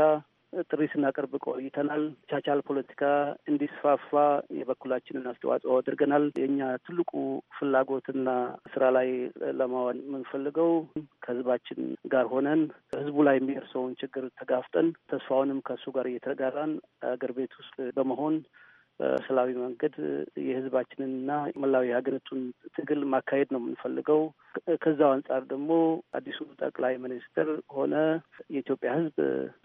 ጥሪ ስናቀርብ ቆይተናል። ቻቻል ፖለቲካ እንዲስፋፋ የበኩላችንን አስተዋጽኦ አድርገናል። የእኛ ትልቁ ፍላጎትና ስራ ላይ ለማዋል የምንፈልገው ከህዝባችን ጋር ሆነን ህዝቡ ላይ የሚደርሰውን ችግር ተጋፍጠን ተስፋውንም ከእሱ ጋር እየተጋራን አገር ቤት ውስጥ በመሆን በሰላማዊ መንገድ የህዝባችንንና መላዊ ሀገሪቱን ትግል ማካሄድ ነው የምንፈልገው። ከዛው አንጻር ደግሞ አዲሱ ጠቅላይ ሚኒስትር ሆነ የኢትዮጵያ ህዝብ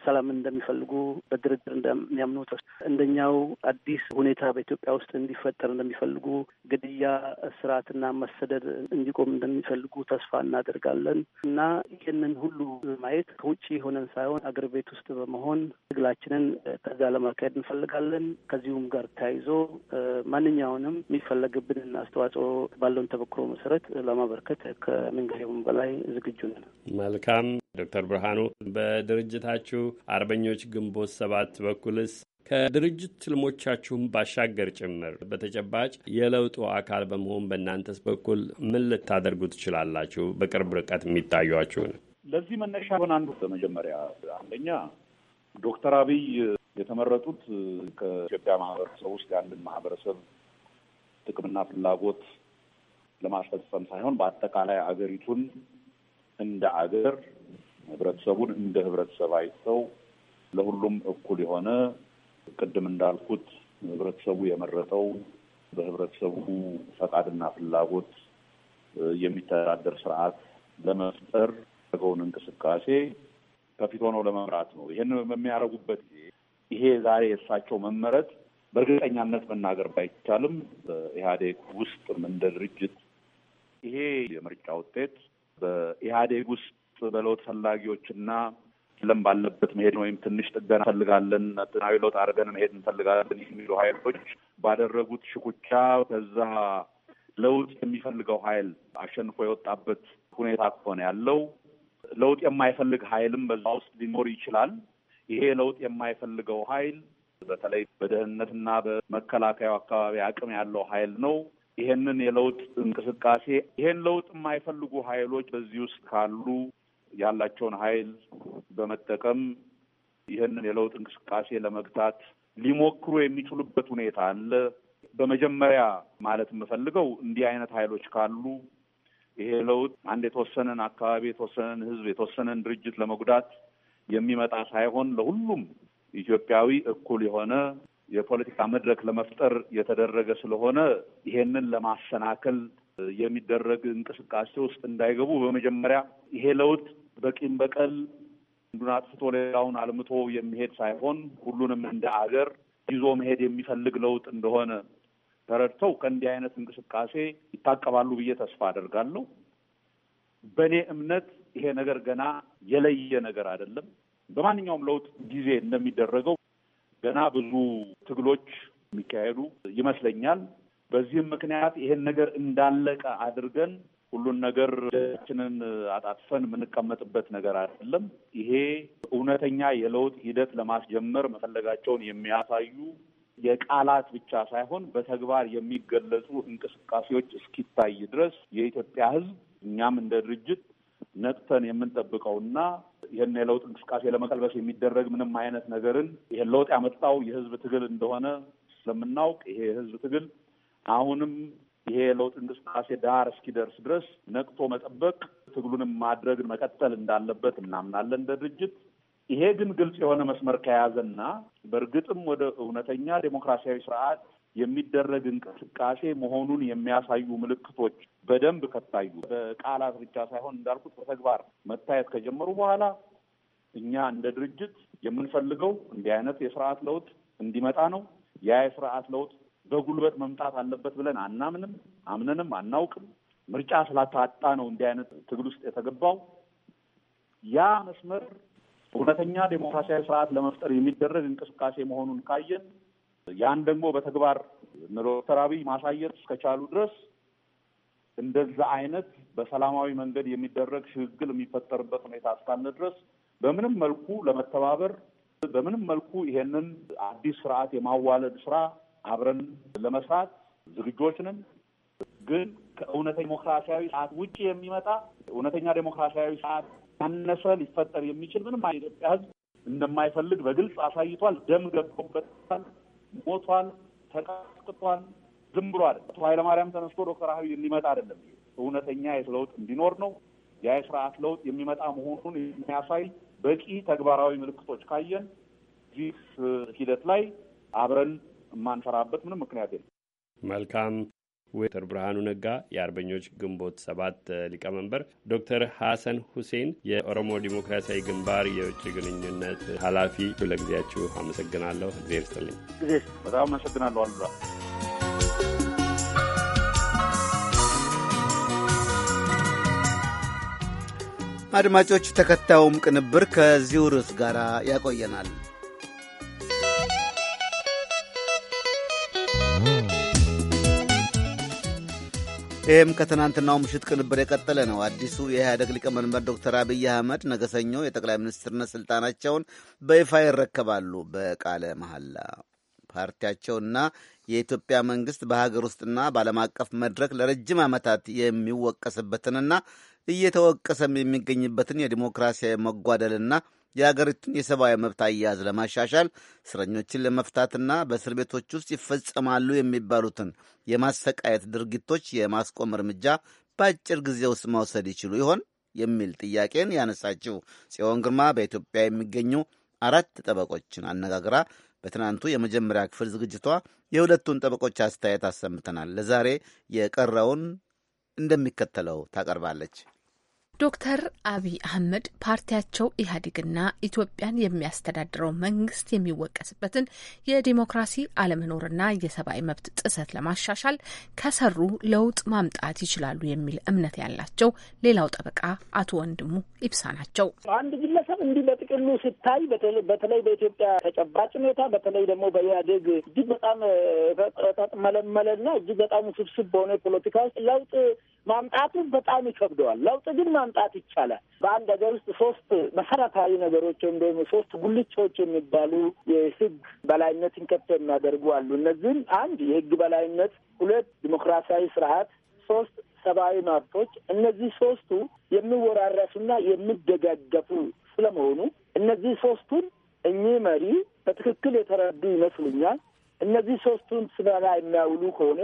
ሰላምን እንደሚፈልጉ በድርድር እንደሚያምኑ እንደኛው አዲስ ሁኔታ በኢትዮጵያ ውስጥ እንዲፈጠር እንደሚፈልጉ፣ ግድያ ስርዓትና መሰደድ እንዲቆም እንደሚፈልጉ ተስፋ እናደርጋለን እና ይህንን ሁሉ ማየት ከውጭ ሆነን ሳይሆን አገር ቤት ውስጥ በመሆን ትግላችንን ከዛ ለማካሄድ እንፈልጋለን ከዚሁም ጋር ተያይዞ ማንኛውንም የሚፈለግብንን አስተዋጽኦ ባለውን ተበክሮ መሰረት ለማበርከት ከምንጊዜውም በላይ ዝግጁ ነን። መልካም ዶክተር ብርሃኑ በድርጅታችሁ አርበኞች ግንቦት ሰባት በኩልስ ከድርጅት ትልሞቻችሁም ባሻገር ጭምር በተጨባጭ የለውጡ አካል በመሆን በእናንተስ በኩል ምን ልታደርጉ ትችላላችሁ? በቅርብ ርቀት የሚታዩችሁን ለዚህ መነሻ ሆን አንዱ በመጀመሪያ አንደኛ ዶክተር አብይ የተመረጡት ከኢትዮጵያ ማህበረሰብ ውስጥ የአንድን ማህበረሰብ ጥቅምና ፍላጎት ለማስፈጸም ሳይሆን በአጠቃላይ አገሪቱን እንደ አገር ህብረተሰቡን እንደ ህብረተሰብ አይተው ለሁሉም እኩል የሆነ ቅድም እንዳልኩት ህብረተሰቡ የመረጠው በህብረተሰቡ ፈቃድና ፍላጎት የሚተዳደር ስርዓት ለመፍጠር ያደረገውን እንቅስቃሴ ከፊት ሆነው ለመምራት ነው። ይህን የሚያደርጉበት ይሄ ዛሬ የእሳቸው መመረጥ በእርግጠኛነት መናገር ባይቻልም በኢህአዴግ ውስጥም እንደ ድርጅት ይሄ የምርጫ ውጤት በኢህአዴግ ውስጥ በለውጥ ፈላጊዎችና ለም ባለበት መሄድ ወይም ትንሽ ጥገና እንፈልጋለን፣ ጥናዊ ለውጥ አድርገን መሄድ እንፈልጋለን የሚሉ ኃይሎች ባደረጉት ሽኩቻ ከዛ ለውጥ የሚፈልገው ኃይል አሸንፎ የወጣበት ሁኔታ ከሆነ ያለው ለውጥ የማይፈልግ ኃይልም በዛ ውስጥ ሊኖር ይችላል። ይሄ ለውጥ የማይፈልገው ኃይል በተለይ በደህንነትና በመከላከያው አካባቢ አቅም ያለው ኃይል ነው። ይሄንን የለውጥ እንቅስቃሴ ይሄን ለውጥ የማይፈልጉ ኃይሎች በዚህ ውስጥ ካሉ ያላቸውን ኃይል በመጠቀም ይህንን የለውጥ እንቅስቃሴ ለመግታት ሊሞክሩ የሚችሉበት ሁኔታ አለ። በመጀመሪያ ማለት የምፈልገው እንዲህ አይነት ኃይሎች ካሉ ይሄ ለውጥ አንድ የተወሰነን አካባቢ፣ የተወሰነን ህዝብ የተወሰነን ድርጅት ለመጉዳት የሚመጣ ሳይሆን ለሁሉም ኢትዮጵያዊ እኩል የሆነ የፖለቲካ መድረክ ለመፍጠር የተደረገ ስለሆነ ይሄንን ለማሰናከል የሚደረግ እንቅስቃሴ ውስጥ እንዳይገቡ በመጀመሪያ ይሄ ለውጥ በቂም በቀል አንዱን አጥፍቶ ሌላውን አልምቶ የሚሄድ ሳይሆን ሁሉንም እንደ አገር ይዞ መሄድ የሚፈልግ ለውጥ እንደሆነ ተረድተው ከእንዲህ አይነት እንቅስቃሴ ይታቀባሉ ብዬ ተስፋ አደርጋለሁ። በእኔ እምነት ይሄ ነገር ገና የለየ ነገር አይደለም። በማንኛውም ለውጥ ጊዜ እንደሚደረገው ገና ብዙ ትግሎች የሚካሄዱ ይመስለኛል። በዚህም ምክንያት ይሄን ነገር እንዳለቀ አድርገን ሁሉን ነገር ችንን አጣጥፈን የምንቀመጥበት ነገር አይደለም። ይሄ እውነተኛ የለውጥ ሂደት ለማስጀመር መፈለጋቸውን የሚያሳዩ የቃላት ብቻ ሳይሆን በተግባር የሚገለጹ እንቅስቃሴዎች እስኪታይ ድረስ የኢትዮጵያ ሕዝብ እኛም እንደ ድርጅት ነቅተን የምንጠብቀውና ይህን የለውጥ እንቅስቃሴ ለመቀልበስ የሚደረግ ምንም አይነት ነገርን ይህን ለውጥ ያመጣው የህዝብ ትግል እንደሆነ ስለምናውቅ ይሄ የህዝብ ትግል አሁንም ይሄ የለውጥ እንቅስቃሴ ዳር እስኪደርስ ድረስ ነቅቶ መጠበቅ፣ ትግሉንም ማድረግን መቀጠል እንዳለበት እናምናለን እንደ ድርጅት። ይሄ ግን ግልጽ የሆነ መስመር ከያዘና በእርግጥም ወደ እውነተኛ ዴሞክራሲያዊ ስርዓት የሚደረግ እንቅስቃሴ መሆኑን የሚያሳዩ ምልክቶች በደንብ ከታዩ በቃላት ብቻ ሳይሆን እንዳልኩት በተግባር መታየት ከጀመሩ በኋላ እኛ እንደ ድርጅት የምንፈልገው እንዲህ አይነት የስርዓት ለውጥ እንዲመጣ ነው። ያ የስርዓት ለውጥ በጉልበት መምጣት አለበት ብለን አናምንም፣ አምነንም አናውቅም። ምርጫ ስላታጣ ነው እንዲህ አይነት ትግል ውስጥ የተገባው። ያ መስመር እውነተኛ ዴሞክራሲያዊ ስርዓት ለመፍጠር የሚደረግ እንቅስቃሴ መሆኑን ካየን ያን ደግሞ በተግባር ዶክተር አብይ ማሳየት እስከቻሉ ድረስ እንደዛ አይነት በሰላማዊ መንገድ የሚደረግ ሽግግር የሚፈጠርበት ሁኔታ እስካለ ድረስ በምንም መልኩ ለመተባበር በምንም መልኩ ይሄንን አዲስ ስርዓት የማዋለድ ስራ አብረን ለመስራት ዝግጆች ነን። ግን ከእውነተ ዴሞክራሲያዊ ሰዓት ውጭ የሚመጣ እውነተኛ ዴሞክራሲያዊ ሰዓት ያነሰ ሊፈጠር የሚችል ምንም ኢትዮጵያ ሕዝብ እንደማይፈልግ በግልጽ አሳይቷል። ደም ገብቶበታል። ሞቷል፣ ተቀጥቅጧል። ዝም ብሎ አይደለም። ኃይለማርያም ተነስቶ ዶክተር አብይ ሊመጣ አይደለም። እውነተኛ ለውጥ እንዲኖር ነው። ያ የስርዓት ለውጥ የሚመጣ መሆኑን የሚያሳይ በቂ ተግባራዊ ምልክቶች ካየን እዚህ ሂደት ላይ አብረን የማንሰራበት ምንም ምክንያት የለም። መልካም ዶክተር ብርሃኑ ነጋ የአርበኞች ግንቦት ሰባት ሊቀመንበር፣ ዶክተር ሐሰን ሁሴን የኦሮሞ ዲሞክራሲያዊ ግንባር የውጭ ግንኙነት ኃላፊ፣ ለጊዜያችሁ አመሰግናለሁ። እግዜር ይስጥልኝ። በጣም አመሰግናለሁ አሉላ። አድማጮች፣ ተከታዩም ቅንብር ከዚሁ ርዕስ ጋር ያቆየናል። ይህም ከትናንትናው ምሽት ቅንብር የቀጠለ ነው። አዲሱ የኢህአደግ ሊቀመንበር ዶክተር አብይ አህመድ ነገ ሰኞ የጠቅላይ ሚኒስትርነት ስልጣናቸውን በይፋ ይረከባሉ። በቃለ መሐላ ፓርቲያቸውና የኢትዮጵያ መንግስት በሀገር ውስጥና በዓለም አቀፍ መድረክ ለረጅም ዓመታት የሚወቀስበትንና እየተወቀሰም የሚገኝበትን የዲሞክራሲያዊ መጓደልና የአገሪቱን የሰብአዊ መብት አያያዝ ለማሻሻል እስረኞችን ለመፍታትና በእስር ቤቶች ውስጥ ይፈጸማሉ የሚባሉትን የማሰቃየት ድርጊቶች የማስቆም እርምጃ በአጭር ጊዜ ውስጥ መውሰድ ይችሉ ይሆን የሚል ጥያቄን ያነሳችው ጽዮን ግርማ በኢትዮጵያ የሚገኙ አራት ጠበቆችን አነጋግራ በትናንቱ የመጀመሪያ ክፍል ዝግጅቷ የሁለቱን ጠበቆች አስተያየት አሰምተናል። ለዛሬ የቀረውን እንደሚከተለው ታቀርባለች። ዶክተር አብይ አህመድ ፓርቲያቸው ኢህአዴግና ኢትዮጵያን የሚያስተዳድረው መንግስት የሚወቀስበትን የዲሞክራሲ አለመኖርና የሰብአዊ መብት ጥሰት ለማሻሻል ከሰሩ ለውጥ ማምጣት ይችላሉ የሚል እምነት ያላቸው ሌላው ጠበቃ አቶ ወንድሙ ኢብሳ ናቸው። አንድ ግለሰብ እንዲህ በጥቅሉ ስታይ በተለይ በኢትዮጵያ ተጨባጭ ሁኔታ በተለይ ደግሞ በኢህአዴግ እጅግ በጣም ተጥመለመለና እጅግ በጣም ውስብስብ በሆነ ፖለቲካ ውስጥ ለውጥ ማምጣቱ በጣም ይከብደዋል። ለውጥ ግን ማምጣት ይቻላል። በአንድ ሀገር ውስጥ ሶስት መሰረታዊ ነገሮች ወይም ደግሞ ሶስት ጉልቻዎች የሚባሉ የህግ በላይነትን ከፍ የሚያደርጉ አሉ። እነዚህም አንድ የህግ በላይነት፣ ሁለት ዲሞክራሲያዊ ስርዓት፣ ሶስት ሰብአዊ መብቶች። እነዚህ ሶስቱ የሚወራረሱና የሚደጋገፉ ስለመሆኑ እነዚህ ሶስቱን እኚህ መሪ በትክክል የተረዱ ይመስሉኛል። እነዚህ ሶስቱን ስበላ የሚያውሉ ከሆነ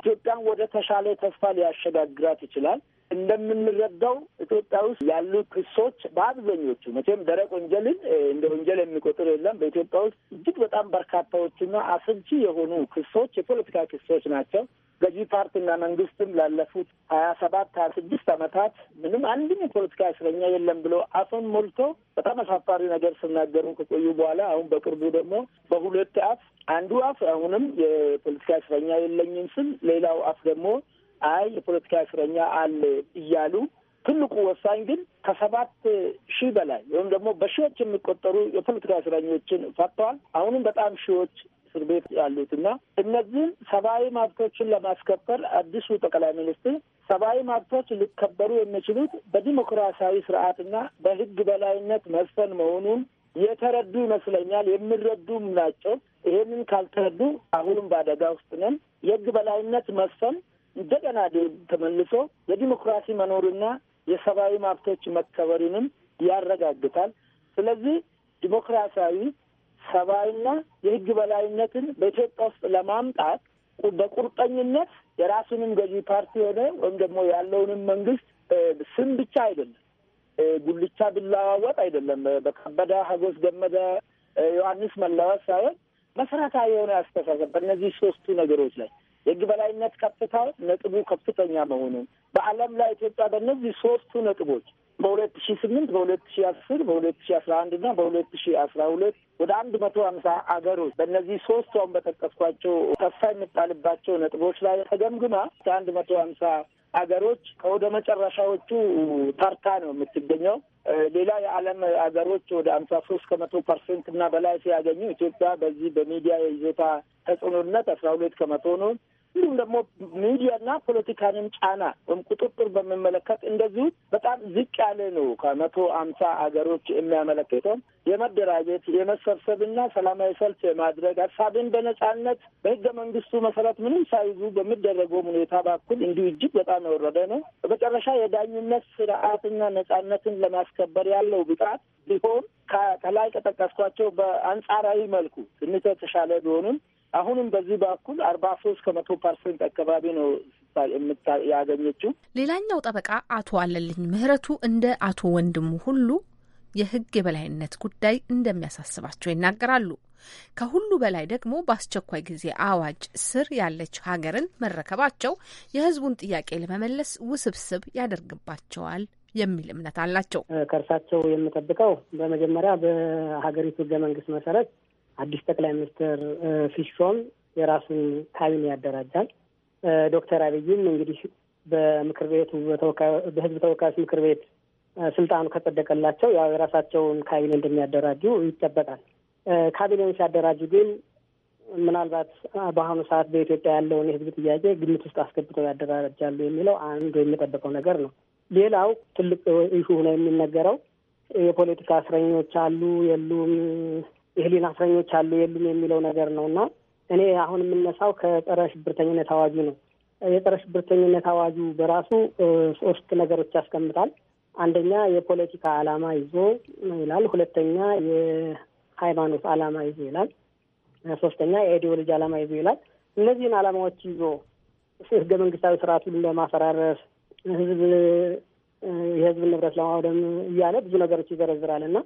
ኢትዮጵያን ወደ ተሻለ ተስፋ ሊያሸጋግራት ይችላል። እንደምንረዳው ኢትዮጵያ ውስጥ ያሉ ክሶች በአብዛኞቹ መቼም ደረቅ ወንጀልን እንደ ወንጀል የሚቆጥር የለም። በኢትዮጵያ ውስጥ እጅግ በጣም በርካታዎችና አሰልቺ የሆኑ ክሶች የፖለቲካ ክሶች ናቸው። ገዢ ፓርቲና መንግስትም ላለፉት ሀያ ሰባት ሀያ ስድስት ዓመታት ምንም አንድም የፖለቲካ እስረኛ የለም ብሎ አፈን ሞልቶ በጣም አሳፋሪ ነገር ስናገሩ ከቆዩ በኋላ አሁን በቅርቡ ደግሞ በሁለት አፍ አንዱ አፍ አሁንም የፖለቲካ እስረኛ የለኝም ስል ሌላው አፍ ደግሞ አይ የፖለቲካ እስረኛ አለ እያሉ ትልቁ ወሳኝ ግን ከሰባት ሺህ በላይ ወይም ደግሞ በሺዎች የሚቆጠሩ የፖለቲካ እስረኞችን ፈጥተዋል። አሁንም በጣም ሺዎች እስር ቤት ያሉት እና እነዚህም ሰብአዊ መብቶችን ለማስከበር አዲሱ ጠቅላይ ሚኒስትር ሰብአዊ መብቶች ሊከበሩ የሚችሉት በዲሞክራሲያዊ ስርዓትና በህግ በላይነት መስፈን መሆኑን የተረዱ ይመስለኛል። የሚረዱም ናቸው። ይሄንን ካልተረዱ አሁንም በአደጋ ውስጥ ነን። የህግ በላይነት መስፈን እንደገና ተመልሶ የዲሞክራሲ መኖርና የሰብአዊ መብቶች መከበርንም ያረጋግጣል። ስለዚህ ዲሞክራሲያዊ ሰብአዊና የህግ በላይነትን በኢትዮጵያ ውስጥ ለማምጣት በቁርጠኝነት የራሱንም ገዢ ፓርቲ ሆነ ወይም ደግሞ ያለውንም መንግስት ስም ብቻ አይደለም፣ ጉልቻ ቢለዋወጥ አይደለም፣ በከበደ ሀጎስ ገመደ፣ ዮሐንስ መላወት ሳይሆን መሰረታዊ የሆነ አስተሳሰብ በእነዚህ ሶስቱ ነገሮች ላይ የህግ በላይነት ከፍታው ነጥቡ ከፍተኛ መሆኑን በዓለም ላይ ኢትዮጵያ በእነዚህ ሶስቱ ነጥቦች በሁለት ሺ ስምንት በሁለት ሺ አስር በሁለት ሺ አስራ አንድ እና በሁለት ሺ አስራ ሁለት ወደ አንድ መቶ ሀምሳ አገሮች በእነዚህ ሶስቱ አሁን በጠቀስኳቸው ተስፋ የሚጣልባቸው ነጥቦች ላይ ተገምግማ ከአንድ መቶ ሀምሳ አገሮች ከወደ መጨረሻዎቹ ተርታ ነው የምትገኘው። ሌላ የዓለም አገሮች ወደ አምሳ ሶስት ከመቶ ፐርሰንት እና በላይ ሲያገኙ ኢትዮጵያ በዚህ በሚዲያ የይዞታ ተጽዕኖነት አስራ ሁለት ከመቶ ነው። እንዲሁም ደግሞ ሚዲያና ፖለቲካንም ጫና ወይም ቁጥጥር በሚመለከት እንደዚሁ በጣም ዝቅ ያለ ነው። ከመቶ አምሳ ሀገሮች የሚያመለክተው የመደራጀት የመሰብሰብና ሰላማዊ ሰልፍ የማድረግ ሀሳብን በነጻነት በህገ መንግስቱ መሰረት ምንም ሳይዙ በሚደረገው ሁኔታ በኩል እንዲሁ እጅግ በጣም የወረደ ነው። በመጨረሻ የዳኝነት ስርዓትና ነጻነትን ለማስከበር ያለው ብቃት ቢሆን ከላይ ከጠቀስኳቸው በአንጻራዊ መልኩ ትንሽ የተሻለ ቢሆንም አሁንም በዚህ በኩል አርባ ሶስት ከመቶ ፐርሰንት አካባቢ ነው ያገኘችው። ሌላኛው ጠበቃ አቶ አለልኝ ምህረቱ እንደ አቶ ወንድሙ ሁሉ የህግ የበላይነት ጉዳይ እንደሚያሳስባቸው ይናገራሉ። ከሁሉ በላይ ደግሞ በአስቸኳይ ጊዜ አዋጅ ስር ያለች ሀገርን መረከባቸው የህዝቡን ጥያቄ ለመመለስ ውስብስብ ያደርግባቸዋል የሚል እምነት አላቸው። ከእርሳቸው የምጠብቀው በመጀመሪያ በሀገሪቱ ህገ መንግስት መሰረት አዲስ ጠቅላይ ሚኒስትር ሲሾም የራሱን ካቢኔ ያደራጃል። ዶክተር አብይም እንግዲህ በምክር ቤቱ በህዝብ ተወካዮች ምክር ቤት ስልጣኑ ከጸደቀላቸው ያው የራሳቸውን ካቢኔ እንደሚያደራጁ ይጠበቃል። ካቢኔውን ሲያደራጁ ግን ምናልባት በአሁኑ ሰዓት በኢትዮጵያ ያለውን የህዝብ ጥያቄ ግምት ውስጥ አስገብተው ያደራጃሉ የሚለው አንዱ የሚጠበቀው ነገር ነው። ሌላው ትልቅ ኢሹ ሆኖ የሚነገረው የፖለቲካ እስረኞች አሉ የሉም ሌላ እስረኞች አሉ የሉም የሚለው ነገር ነው እና እኔ አሁን የምነሳው ከጸረ ሽብርተኝነት አዋጁ ነው። የጸረ ሽብርተኝነት አዋጁ በራሱ ሶስት ነገሮች ያስቀምጣል። አንደኛ የፖለቲካ ዓላማ ይዞ ይላል። ሁለተኛ የሃይማኖት ዓላማ ይዞ ይላል። ሶስተኛ የአይዲዮሎጂ ዓላማ ይዞ ይላል። እነዚህን ዓላማዎች ይዞ ህገ መንግስታዊ ስርዓቱን ለማፈራረስ ህዝብ የህዝብ ንብረት ለማውደም እያለ ብዙ ነገሮች ይዘረዝራል እና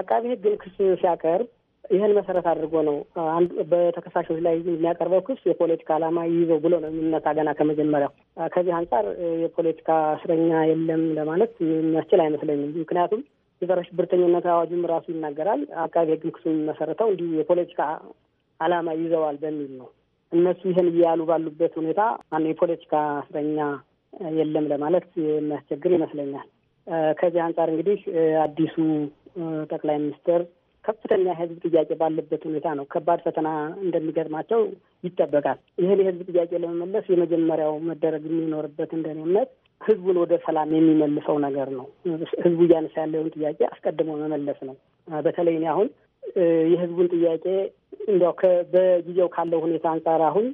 አቃቢ ህግን ክስ ሲያቀርብ ይህን መሰረት አድርጎ ነው አንዱ በተከሳሾች ላይ የሚያቀርበው ክስ የፖለቲካ ዓላማ ይይዘው ብሎ ነው የሚነሳ ገና ከመጀመሪያው። ከዚህ አንጻር የፖለቲካ እስረኛ የለም ለማለት የሚያስችል አይመስለኝም። ምክንያቱም የጸረ ሽብርተኝነት አዋጁም ራሱ ይናገራል። አቃቤ ሕግም ክሱ የሚመሰረተው እንዲሁ የፖለቲካ ዓላማ ይዘዋል በሚል ነው። እነሱ ይህን እያሉ ባሉበት ሁኔታ አንድ የፖለቲካ እስረኛ የለም ለማለት የሚያስቸግር ይመስለኛል። ከዚህ አንጻር እንግዲህ አዲሱ ጠቅላይ ሚኒስትር ከፍተኛ የህዝብ ጥያቄ ባለበት ሁኔታ ነው ከባድ ፈተና እንደሚገጥማቸው ይጠበቃል። ይህን የህዝብ ጥያቄ ለመመለስ የመጀመሪያው መደረግ የሚኖርበት እንደኔ እምነት ህዝቡን ወደ ሰላም የሚመልሰው ነገር ነው። ህዝቡ እያነሳ ያለውን ጥያቄ አስቀድሞ መመለስ ነው። በተለይ እኔ አሁን የህዝቡን ጥያቄ እንዲያው በጊዜው ካለው ሁኔታ አንጻር አሁን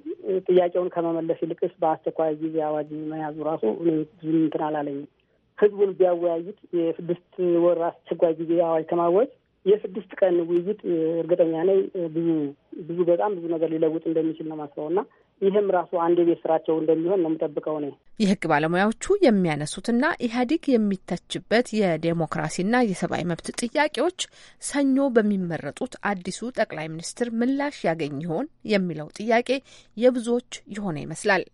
ጥያቄውን ከመመለስ ይልቅስ በአስቸኳይ ጊዜ አዋጅ መያዙ ራሱ እንትን አላለኝም። ህዝቡን ቢያወያዩት የስድስት ወር አስቸኳይ ጊዜ አዋጅ ከማወጅ የስድስት ቀን ውይይት እርግጠኛ ነኝ ብዙ ብዙ በጣም ብዙ ነገር ሊለውጥ እንደሚችል ነው ማስበው እና ይህም ራሱ አንድ የቤት ስራቸው እንደሚሆን ነው የምጠብቀው ነው። የህግ ባለሙያዎቹ የሚያነሱትና ኢህአዴግ የሚተችበት የዴሞክራሲና የሰብአዊ መብት ጥያቄዎች ሰኞ በሚመረጡት አዲሱ ጠቅላይ ሚኒስትር ምላሽ ያገኝ ይሆን የሚለው ጥያቄ የብዙዎች የሆነ ይመስላል።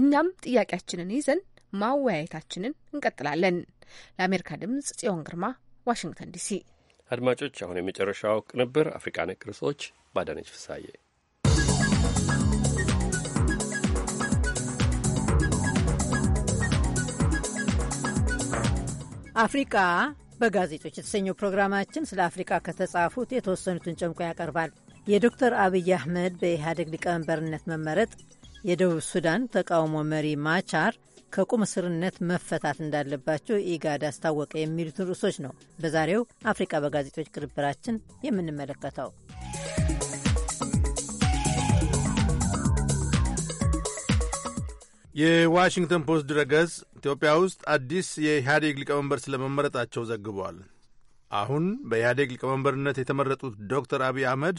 እኛም ጥያቄያችንን ይዘን ማወያየታችንን እንቀጥላለን። ለአሜሪካ ድምጽ ጽዮን ግርማ ዋሽንግተን ዲሲ አድማጮች፣ አሁን የመጨረሻው ቅንብር አፍሪቃ ነክ ርዕሶች ባዳነች ፍሳዬ አፍሪቃ በጋዜጦች የተሰኘው ፕሮግራማችን ስለ አፍሪቃ ከተጻፉት የተወሰኑትን ጨምቆ ያቀርባል። የዶክተር አብይ አህመድ በኢህአዴግ ሊቀመንበርነት መመረጥ፣ የደቡብ ሱዳን ተቃውሞ መሪ ማቻር ከቁም እስርነት መፈታት እንዳለባቸው ኢጋድ አስታወቀ የሚሉትን ርዕሶች ነው በዛሬው አፍሪቃ በጋዜጦች ቅንብራችን የምንመለከተው። የዋሽንግተን ፖስት ድረገጽ ኢትዮጵያ ውስጥ አዲስ የኢህአዴግ ሊቀመንበር ስለመመረጣቸው ዘግቧል። አሁን በኢህአዴግ ሊቀመንበርነት የተመረጡት ዶክተር አብይ አህመድ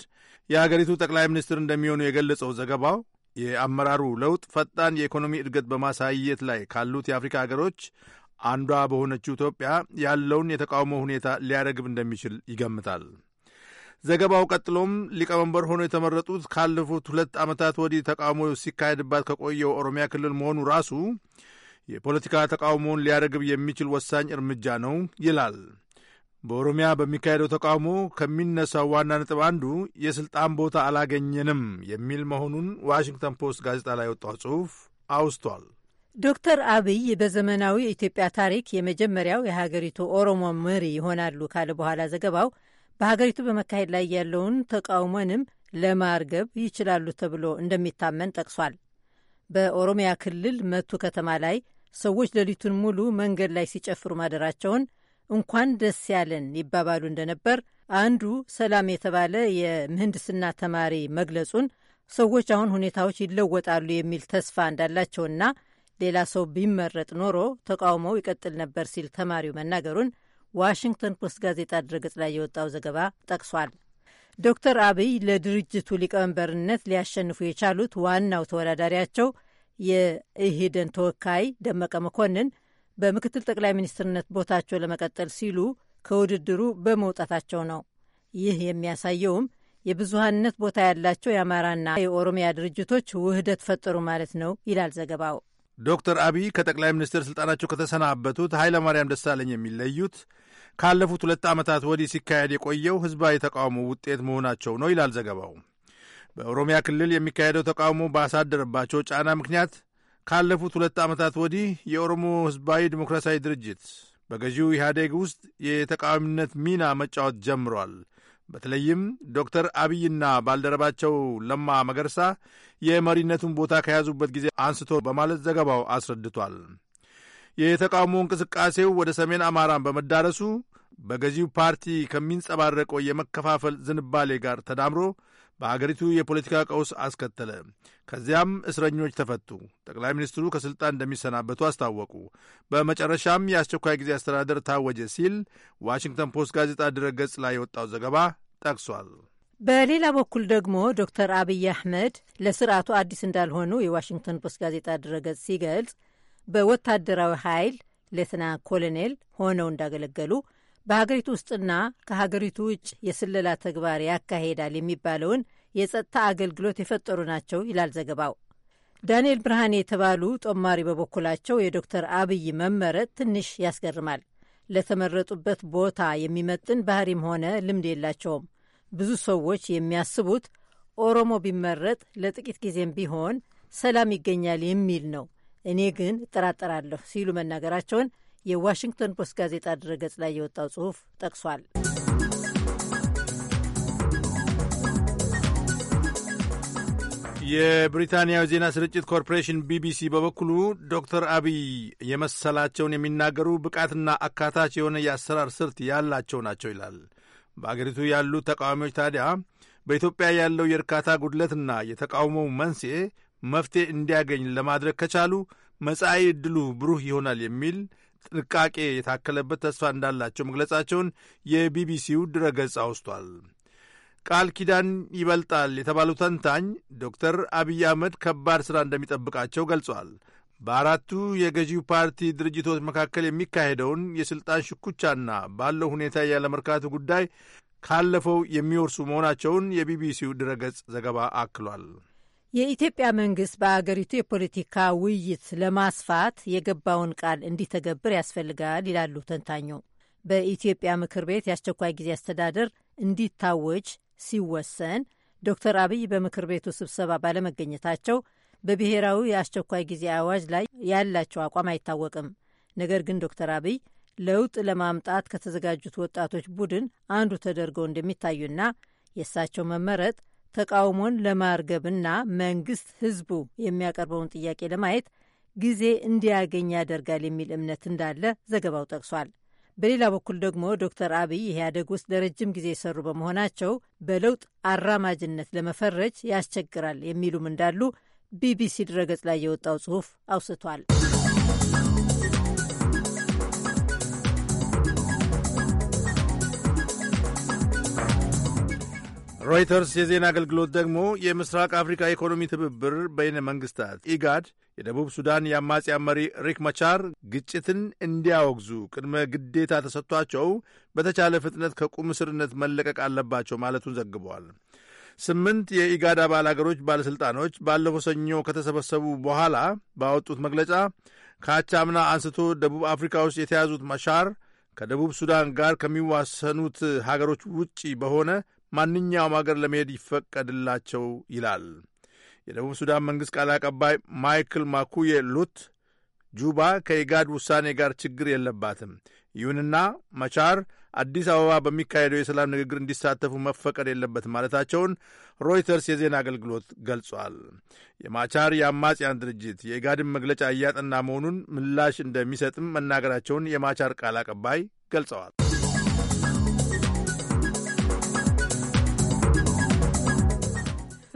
የአገሪቱ ጠቅላይ ሚኒስትር እንደሚሆኑ የገለጸው ዘገባው የአመራሩ ለውጥ ፈጣን የኢኮኖሚ እድገት በማሳየት ላይ ካሉት የአፍሪካ ሀገሮች አንዷ በሆነችው ኢትዮጵያ ያለውን የተቃውሞ ሁኔታ ሊያረግብ እንደሚችል ይገምታል። ዘገባው ቀጥሎም ሊቀመንበር ሆኖ የተመረጡት ካለፉት ሁለት ዓመታት ወዲህ ተቃውሞ ሲካሄድባት ከቆየው ኦሮሚያ ክልል መሆኑ ራሱ የፖለቲካ ተቃውሞውን ሊያረግብ የሚችል ወሳኝ እርምጃ ነው ይላል። በኦሮሚያ በሚካሄደው ተቃውሞ ከሚነሳው ዋና ነጥብ አንዱ የሥልጣን ቦታ አላገኘንም የሚል መሆኑን ዋሽንግተን ፖስት ጋዜጣ ላይ ወጣው ጽሑፍ አውስቷል። ዶክተር አብይ በዘመናዊ የኢትዮጵያ ታሪክ የመጀመሪያው የሀገሪቱ ኦሮሞ መሪ ይሆናሉ ካለ በኋላ ዘገባው በሀገሪቱ በመካሄድ ላይ ያለውን ተቃውሞንም ለማርገብ ይችላሉ ተብሎ እንደሚታመን ጠቅሷል። በኦሮሚያ ክልል መቱ ከተማ ላይ ሰዎች ሌሊቱን ሙሉ መንገድ ላይ ሲጨፍሩ ማደራቸውን እንኳን ደስ ያለን ይባባሉ እንደነበር አንዱ ሰላም የተባለ የምህንድስና ተማሪ መግለጹን ሰዎች አሁን ሁኔታዎች ይለወጣሉ የሚል ተስፋ እንዳላቸውና ሌላ ሰው ቢመረጥ ኖሮ ተቃውሞው ይቀጥል ነበር ሲል ተማሪው መናገሩን ዋሽንግተን ፖስት ጋዜጣ ድረገጽ ላይ የወጣው ዘገባ ጠቅሷል። ዶክተር አብይ ለድርጅቱ ሊቀመንበርነት ሊያሸንፉ የቻሉት ዋናው ተወዳዳሪያቸው የኢህዴን ተወካይ ደመቀ መኮንን በምክትል ጠቅላይ ሚኒስትርነት ቦታቸው ለመቀጠል ሲሉ ከውድድሩ በመውጣታቸው ነው። ይህ የሚያሳየውም የብዙሀንነት ቦታ ያላቸው የአማራና የኦሮሚያ ድርጅቶች ውህደት ፈጠሩ ማለት ነው ይላል ዘገባው። ዶክተር አብይ ከጠቅላይ ሚኒስትር ስልጣናቸው ከተሰናበቱት ኃይለማርያም ደሳለኝ የሚለዩት ካለፉት ሁለት ዓመታት ወዲህ ሲካሄድ የቆየው ህዝባዊ ተቃውሞ ውጤት መሆናቸው ነው ይላል ዘገባው። በኦሮሚያ ክልል የሚካሄደው ተቃውሞ ባሳደረባቸው ጫና ምክንያት ካለፉት ሁለት ዓመታት ወዲህ የኦሮሞ ህዝባዊ ዲሞክራሲያዊ ድርጅት በገዢው ኢህአዴግ ውስጥ የተቃዋሚነት ሚና መጫወት ጀምሯል። በተለይም ዶክተር አብይና ባልደረባቸው ለማ መገርሳ የመሪነቱን ቦታ ከያዙበት ጊዜ አንስቶ በማለት ዘገባው አስረድቷል። የተቃውሞ እንቅስቃሴው ወደ ሰሜን አማራን በመዳረሱ በገዢው ፓርቲ ከሚንጸባረቀው የመከፋፈል ዝንባሌ ጋር ተዳምሮ በአገሪቱ የፖለቲካ ቀውስ አስከተለ። ከዚያም እስረኞች ተፈቱ። ጠቅላይ ሚኒስትሩ ከሥልጣን እንደሚሰናበቱ አስታወቁ። በመጨረሻም የአስቸኳይ ጊዜ አስተዳደር ታወጀ ሲል ዋሽንግተን ፖስት ጋዜጣ ድረገጽ ላይ የወጣው ዘገባ ጠቅሷል። በሌላ በኩል ደግሞ ዶክተር አብይ አህመድ ለስርዓቱ አዲስ እንዳልሆኑ የዋሽንግተን ፖስት ጋዜጣ ድረገጽ ሲገልጽ በወታደራዊ ኃይል ሌተና ኮሎኔል ሆነው እንዳገለገሉ በሀገሪቱ ውስጥና ከሀገሪቱ ውጭ የስለላ ተግባር ያካሄዳል የሚባለውን የጸጥታ አገልግሎት የፈጠሩ ናቸው ይላል ዘገባው። ዳንኤል ብርሃኔ የተባሉ ጦማሪ በበኩላቸው የዶክተር አብይ መመረጥ ትንሽ ያስገርማል። ለተመረጡበት ቦታ የሚመጥን ባህሪም ሆነ ልምድ የላቸውም። ብዙ ሰዎች የሚያስቡት ኦሮሞ ቢመረጥ ለጥቂት ጊዜም ቢሆን ሰላም ይገኛል የሚል ነው። እኔ ግን እጠራጠራለሁ ሲሉ መናገራቸውን የዋሽንግተን ፖስት ጋዜጣ ድረገጽ ላይ የወጣው ጽሑፍ ጠቅሷል። የብሪታንያው ዜና ስርጭት ኮርፖሬሽን ቢቢሲ በበኩሉ ዶክተር አብይ የመሰላቸውን የሚናገሩ ብቃትና አካታች የሆነ የአሰራር ስርት ያላቸው ናቸው ይላል። በአገሪቱ ያሉ ተቃዋሚዎች ታዲያ በኢትዮጵያ ያለው የእርካታ ጉድለትና የተቃውሞው መንስኤ መፍትሄ እንዲያገኝ ለማድረግ ከቻሉ መጻኢ ዕድሉ ብሩህ ይሆናል የሚል ጥንቃቄ የታከለበት ተስፋ እንዳላቸው መግለጻቸውን የቢቢሲው ድረገጽ አውስቷል። ቃል ኪዳን ይበልጣል የተባሉ ተንታኝ ዶክተር አብይ አህመድ ከባድ ሥራ እንደሚጠብቃቸው ገልጿል። በአራቱ የገዢው ፓርቲ ድርጅቶች መካከል የሚካሄደውን የሥልጣን ሽኩቻና ባለው ሁኔታ ያለመርካቱ ጉዳይ ካለፈው የሚወርሱ መሆናቸውን የቢቢሲው ድረገጽ ዘገባ አክሏል። የኢትዮጵያ መንግስት በአገሪቱ የፖለቲካ ውይይት ለማስፋት የገባውን ቃል እንዲተገብር ያስፈልጋል ይላሉ ተንታኙ። በኢትዮጵያ ምክር ቤት የአስቸኳይ ጊዜ አስተዳደር እንዲታወጅ ሲወሰን ዶክተር አብይ በምክር ቤቱ ስብሰባ ባለመገኘታቸው በብሔራዊ የአስቸኳይ ጊዜ አዋጅ ላይ ያላቸው አቋም አይታወቅም። ነገር ግን ዶክተር አብይ ለውጥ ለማምጣት ከተዘጋጁት ወጣቶች ቡድን አንዱ ተደርገው እንደሚታዩና የእሳቸው መመረጥ ተቃውሞን ለማርገብና መንግስት ህዝቡ የሚያቀርበውን ጥያቄ ለማየት ጊዜ እንዲያገኝ ያደርጋል የሚል እምነት እንዳለ ዘገባው ጠቅሷል። በሌላ በኩል ደግሞ ዶክተር አብይ ኢህአዴግ ውስጥ ለረጅም ጊዜ የሰሩ በመሆናቸው በለውጥ አራማጅነት ለመፈረጅ ያስቸግራል የሚሉም እንዳሉ ቢቢሲ ድረገጽ ላይ የወጣው ጽሑፍ አውስቷል። ሮይተርስ የዜና አገልግሎት ደግሞ የምስራቅ አፍሪካ ኢኮኖሚ ትብብር በይነ መንግስታት ኢጋድ የደቡብ ሱዳን የአማጽያን መሪ ሪክ መቻር ግጭትን እንዲያወግዙ ቅድመ ግዴታ ተሰጥቷቸው በተቻለ ፍጥነት ከቁም እስርነት መለቀቅ አለባቸው ማለቱን ዘግበዋል። ስምንት የኢጋድ አባል አገሮች ባለሥልጣኖች ባለፈው ሰኞ ከተሰበሰቡ በኋላ ባወጡት መግለጫ ከአቻምና አንስቶ ደቡብ አፍሪካ ውስጥ የተያዙት መሻር ከደቡብ ሱዳን ጋር ከሚዋሰኑት ሀገሮች ውጪ በሆነ ማንኛውም አገር ለመሄድ ይፈቀድላቸው ይላል። የደቡብ ሱዳን መንግሥት ቃል አቀባይ ማይክል ማኩዬ ሉት ጁባ ከኢጋድ ውሳኔ ጋር ችግር የለባትም፣ ይሁንና መቻር አዲስ አበባ በሚካሄደው የሰላም ንግግር እንዲሳተፉ መፈቀድ የለበትም ማለታቸውን ሮይተርስ የዜና አገልግሎት ገልጿል። የማቻር የአማጽያን ድርጅት የኢጋድን መግለጫ እያጠና መሆኑን ምላሽ እንደሚሰጥም መናገራቸውን የማቻር ቃል አቀባይ ገልጸዋል።